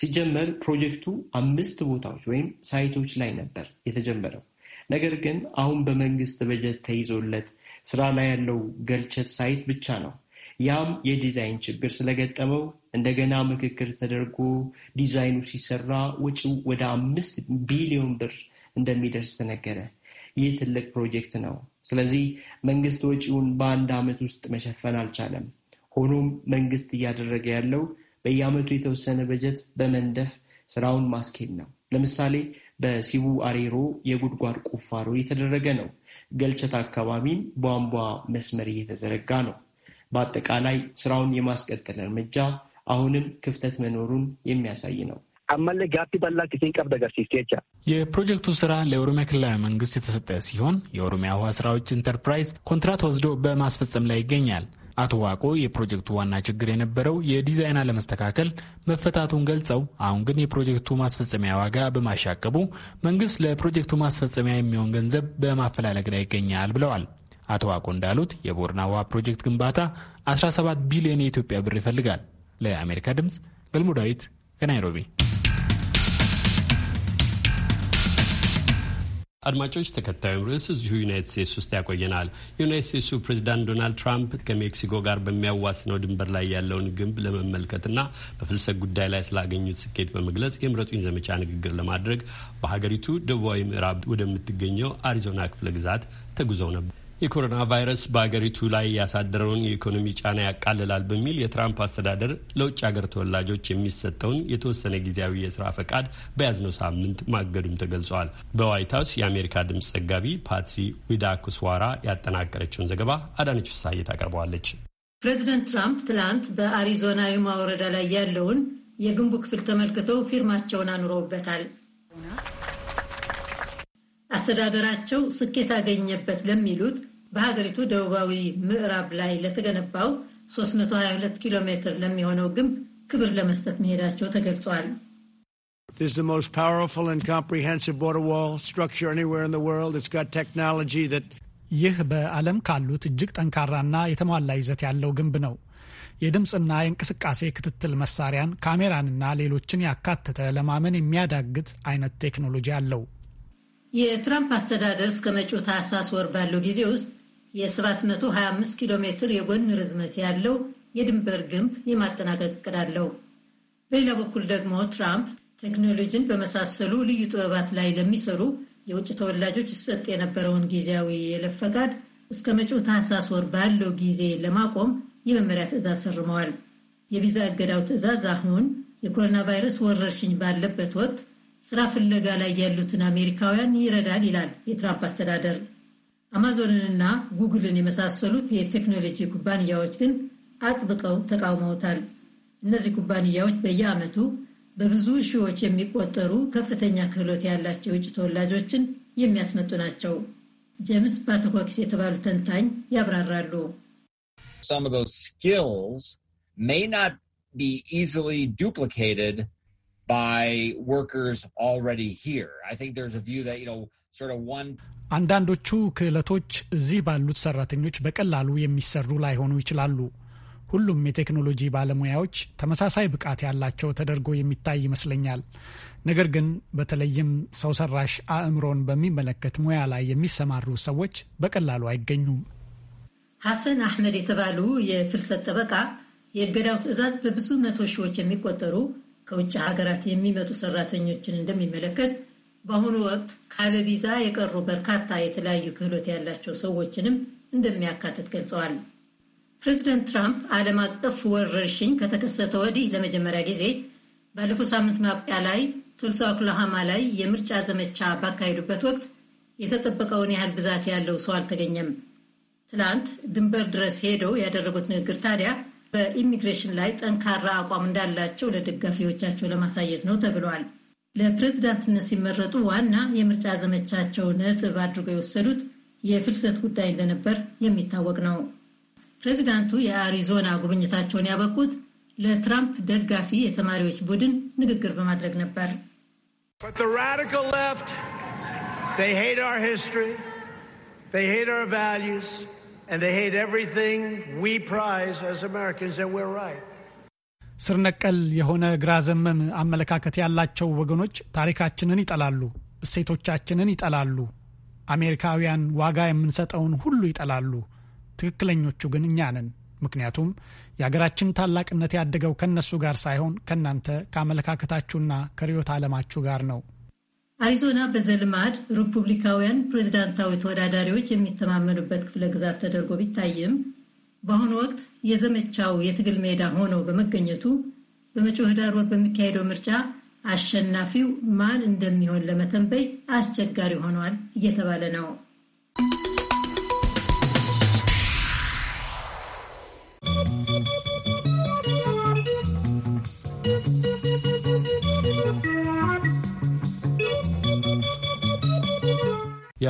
ሲጀመር ፕሮጀክቱ አምስት ቦታዎች ወይም ሳይቶች ላይ ነበር የተጀመረው። ነገር ግን አሁን በመንግስት በጀት ተይዞለት ስራ ላይ ያለው ገልቸት ሳይት ብቻ ነው ያም የዲዛይን ችግር ስለገጠመው እንደገና ምክክር ተደርጎ ዲዛይኑ ሲሰራ ወጪው ወደ አምስት ቢሊዮን ብር እንደሚደርስ ተነገረ። ይህ ትልቅ ፕሮጀክት ነው። ስለዚህ መንግስት ወጪውን በአንድ ዓመት ውስጥ መሸፈን አልቻለም። ሆኖም መንግስት እያደረገ ያለው በየዓመቱ የተወሰነ በጀት በመንደፍ ስራውን ማስኬድ ነው። ለምሳሌ በሲቡ አሬሮ የጉድጓድ ቁፋሮ እየተደረገ ነው። ገልቸት አካባቢም ቧንቧ መስመር እየተዘረጋ ነው። በአጠቃላይ ስራውን የማስቀጠል እርምጃ አሁንም ክፍተት መኖሩን የሚያሳይ ነው። አመለ ጊዜን ቀብደ የፕሮጀክቱ ስራ ለኦሮሚያ ክልላዊ መንግስት የተሰጠ ሲሆን የኦሮሚያ ውሃ ስራዎች ኢንተርፕራይዝ ኮንትራት ወስዶ በማስፈጸም ላይ ይገኛል። አቶ ዋቆ የፕሮጀክቱ ዋና ችግር የነበረው የዲዛይን አለመስተካከል መፈታቱን ገልጸው አሁን ግን የፕሮጀክቱ ማስፈጸሚያ ዋጋ በማሻቀቡ መንግስት ለፕሮጀክቱ ማስፈጸሚያ የሚሆን ገንዘብ በማፈላለግ ላይ ይገኛል ብለዋል። አቶ ዋቆ እንዳሉት የቦርና ውሃ ፕሮጀክት ግንባታ 17 ቢሊዮን የኢትዮጵያ ብር ይፈልጋል። ለአሜሪካ ድምፅ ገልሞ ዳዊት ከናይሮቢ። አድማጮች ተከታዩም ርዕስ እዚሁ ዩናይት ስቴትስ ውስጥ ያቆየናል። የዩናይት ስቴትሱ ፕሬዚዳንት ዶናልድ ትራምፕ ከሜክሲኮ ጋር በሚያዋስነው ድንበር ላይ ያለውን ግንብ ለመመልከትና በፍልሰት ጉዳይ ላይ ስላገኙት ስኬት በመግለጽ የምረጡኝ ዘመቻ ንግግር ለማድረግ በሀገሪቱ ደቡባዊ ምዕራብ ወደምትገኘው አሪዞና ክፍለ ግዛት ተጉዘው ነበር። የኮሮና ቫይረስ በአገሪቱ ላይ ያሳደረውን የኢኮኖሚ ጫና ያቃልላል በሚል የትራምፕ አስተዳደር ለውጭ ሀገር ተወላጆች የሚሰጠውን የተወሰነ ጊዜያዊ የስራ ፈቃድ በያዝነው ሳምንት ማገዱም ተገልጿል። በዋይት ሀውስ የአሜሪካ ድምፅ ዘጋቢ ፓትሲ ዊዳኩስዋራ ያጠናቀረችውን ዘገባ አዳነች ፍሳዬ ታቀርበዋለች። ፕሬዚደንት ትራምፕ ትላንት በአሪዞና የማ ወረዳ ላይ ያለውን የግንቡ ክፍል ተመልክተው ፊርማቸውን አኑረውበታል። አስተዳደራቸው ስኬት አገኘበት ለሚሉት በሀገሪቱ ደቡባዊ ምዕራብ ላይ ለተገነባው 322 ኪሎ ሜትር ለሚሆነው ግንብ ክብር ለመስጠት መሄዳቸው ተገልጿል። ይህ በዓለም ካሉት እጅግ ጠንካራና የተሟላ ይዘት ያለው ግንብ ነው። የድምፅና የእንቅስቃሴ ክትትል መሳሪያን፣ ካሜራንና ሌሎችን ያካተተ ለማመን የሚያዳግት አይነት ቴክኖሎጂ አለው። የትራምፕ አስተዳደር እስከ መጪው ታህሳስ ወር ባለው ጊዜ ውስጥ የ725 ኪሎ ሜትር የጎን ርዝመት ያለው የድንበር ግንብ የማጠናቀቅ እቅድ አለው። በሌላ በኩል ደግሞ ትራምፕ ቴክኖሎጂን በመሳሰሉ ልዩ ጥበባት ላይ ለሚሰሩ የውጭ ተወላጆች ይሰጥ የነበረውን ጊዜያዊ የለፍ ፈቃድ እስከ መጪው ታህሳስ ወር ባለው ጊዜ ለማቆም የመመሪያ ትዕዛዝ ፈርመዋል። የቪዛ እገዳው ትዕዛዝ አሁን የኮሮና ቫይረስ ወረርሽኝ ባለበት ወቅት ስራ ፍለጋ ላይ ያሉትን አሜሪካውያን ይረዳል ይላል የትራምፕ አስተዳደር። አማዞንንና ጉግልን የመሳሰሉት የቴክኖሎጂ ኩባንያዎች ግን አጥብቀው ተቃውመውታል። እነዚህ ኩባንያዎች በየዓመቱ በብዙ ሺዎች የሚቆጠሩ ከፍተኛ ክህሎት ያላቸው የውጭ ተወላጆችን የሚያስመጡ ናቸው። ጄምስ ፓተኮኪስ የተባሉ ተንታኝ ያብራራሉ። አንዳንዶቹ ክህለቶች እዚህ ባሉት ሰራተኞች በቀላሉ የሚሰሩ ላይሆኑ ይችላሉ። ሁሉም የቴክኖሎጂ ባለሙያዎች ተመሳሳይ ብቃት ያላቸው ተደርጎ የሚታይ ይመስለኛል። ነገር ግን በተለይም ሰው ሰራሽ አእምሮን በሚመለከት ሙያ ላይ የሚሰማሩ ሰዎች በቀላሉ አይገኙም። ሐሰን አሕመድ የተባሉ የፍልሰት ጠበቃ የእገዳው ትዕዛዝ በብዙ መቶ ሺዎች የሚቆጠሩ ከውጭ ሀገራት የሚመጡ ሰራተኞችን እንደሚመለከት በአሁኑ ወቅት ካለ ቪዛ የቀሩ በርካታ የተለያዩ ክህሎት ያላቸው ሰዎችንም እንደሚያካትት ገልጸዋል። ፕሬዚደንት ትራምፕ ዓለም አቀፍ ወረርሽኝ ከተከሰተ ወዲህ ለመጀመሪያ ጊዜ ባለፈው ሳምንት ማብቂያ ላይ ቱልሳ ኦክላሃማ ላይ የምርጫ ዘመቻ ባካሄዱበት ወቅት የተጠበቀውን ያህል ብዛት ያለው ሰው አልተገኘም። ትላንት ድንበር ድረስ ሄደው ያደረጉት ንግግር ታዲያ በኢሚግሬሽን ላይ ጠንካራ አቋም እንዳላቸው ለደጋፊዎቻቸው ለማሳየት ነው ተብሏል። ለፕሬዝዳንትነት ሲመረጡ ዋና የምርጫ ዘመቻቸው ነጥብ አድርገው የወሰዱት የፍልሰት ጉዳይ እንደነበር የሚታወቅ ነው። ፕሬዚዳንቱ የአሪዞና ጉብኝታቸውን ያበቁት ለትራምፕ ደጋፊ የተማሪዎች ቡድን ንግግር በማድረግ ነበር። ስር ነቀል የሆነ ግራ ዘመም አመለካከት ያላቸው ወገኖች ታሪካችንን ይጠላሉ፣ እሴቶቻችንን ይጠላሉ፣ አሜሪካውያን ዋጋ የምንሰጠውን ሁሉ ይጠላሉ። ትክክለኞቹ ግን እኛ ነን። ምክንያቱም የሀገራችን ታላቅነት ያደገው ከነሱ ጋር ሳይሆን ከእናንተ ከአመለካከታችሁና ከርዕዮተ ዓለማችሁ ጋር ነው። አሪዞና በዘልማድ ሪፑብሊካውያን ፕሬዚዳንታዊ ተወዳዳሪዎች የሚተማመኑበት ክፍለ ግዛት ተደርጎ ቢታይም በአሁኑ ወቅት የዘመቻው የትግል ሜዳ ሆኖ በመገኘቱ በመጪው ህዳር ወር በሚካሄደው ምርጫ አሸናፊው ማን እንደሚሆን ለመተንበይ አስቸጋሪ ሆኗል እየተባለ ነው።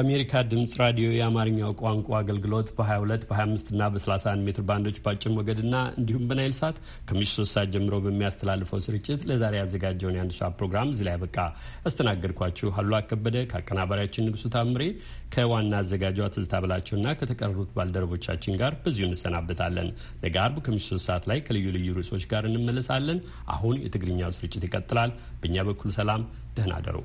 የአሜሪካ ድምፅ ራዲዮ የአማርኛው ቋንቋ አገልግሎት በ22 በ25 እና በ31 ሜትር ባንዶች በአጭር ሞገድና እንዲሁም በናይል ሳት ከምሽቱ 3 ሰዓት ጀምሮ በሚያስተላልፈው ስርጭት ለዛሬ ያዘጋጀውን የአንድ ሰዓት ፕሮግራም እዚህ ላይ ያበቃ። አስተናገድኳችሁ አሉላ ከበደ ከአቀናባሪያችን ንጉሱ ታምሬ ከዋና አዘጋጇ ትዝታ ብላቸውና ከተቀሩት ባልደረቦቻችን ጋር በዚሁ እንሰናበታለን። ነገ አርብ ከምሽቱ ሰዓት ላይ ከልዩ ልዩ ርዕሶች ጋር እንመለሳለን። አሁን የትግርኛው ስርጭት ይቀጥላል። በእኛ በኩል ሰላም፣ ደህና አደሩ።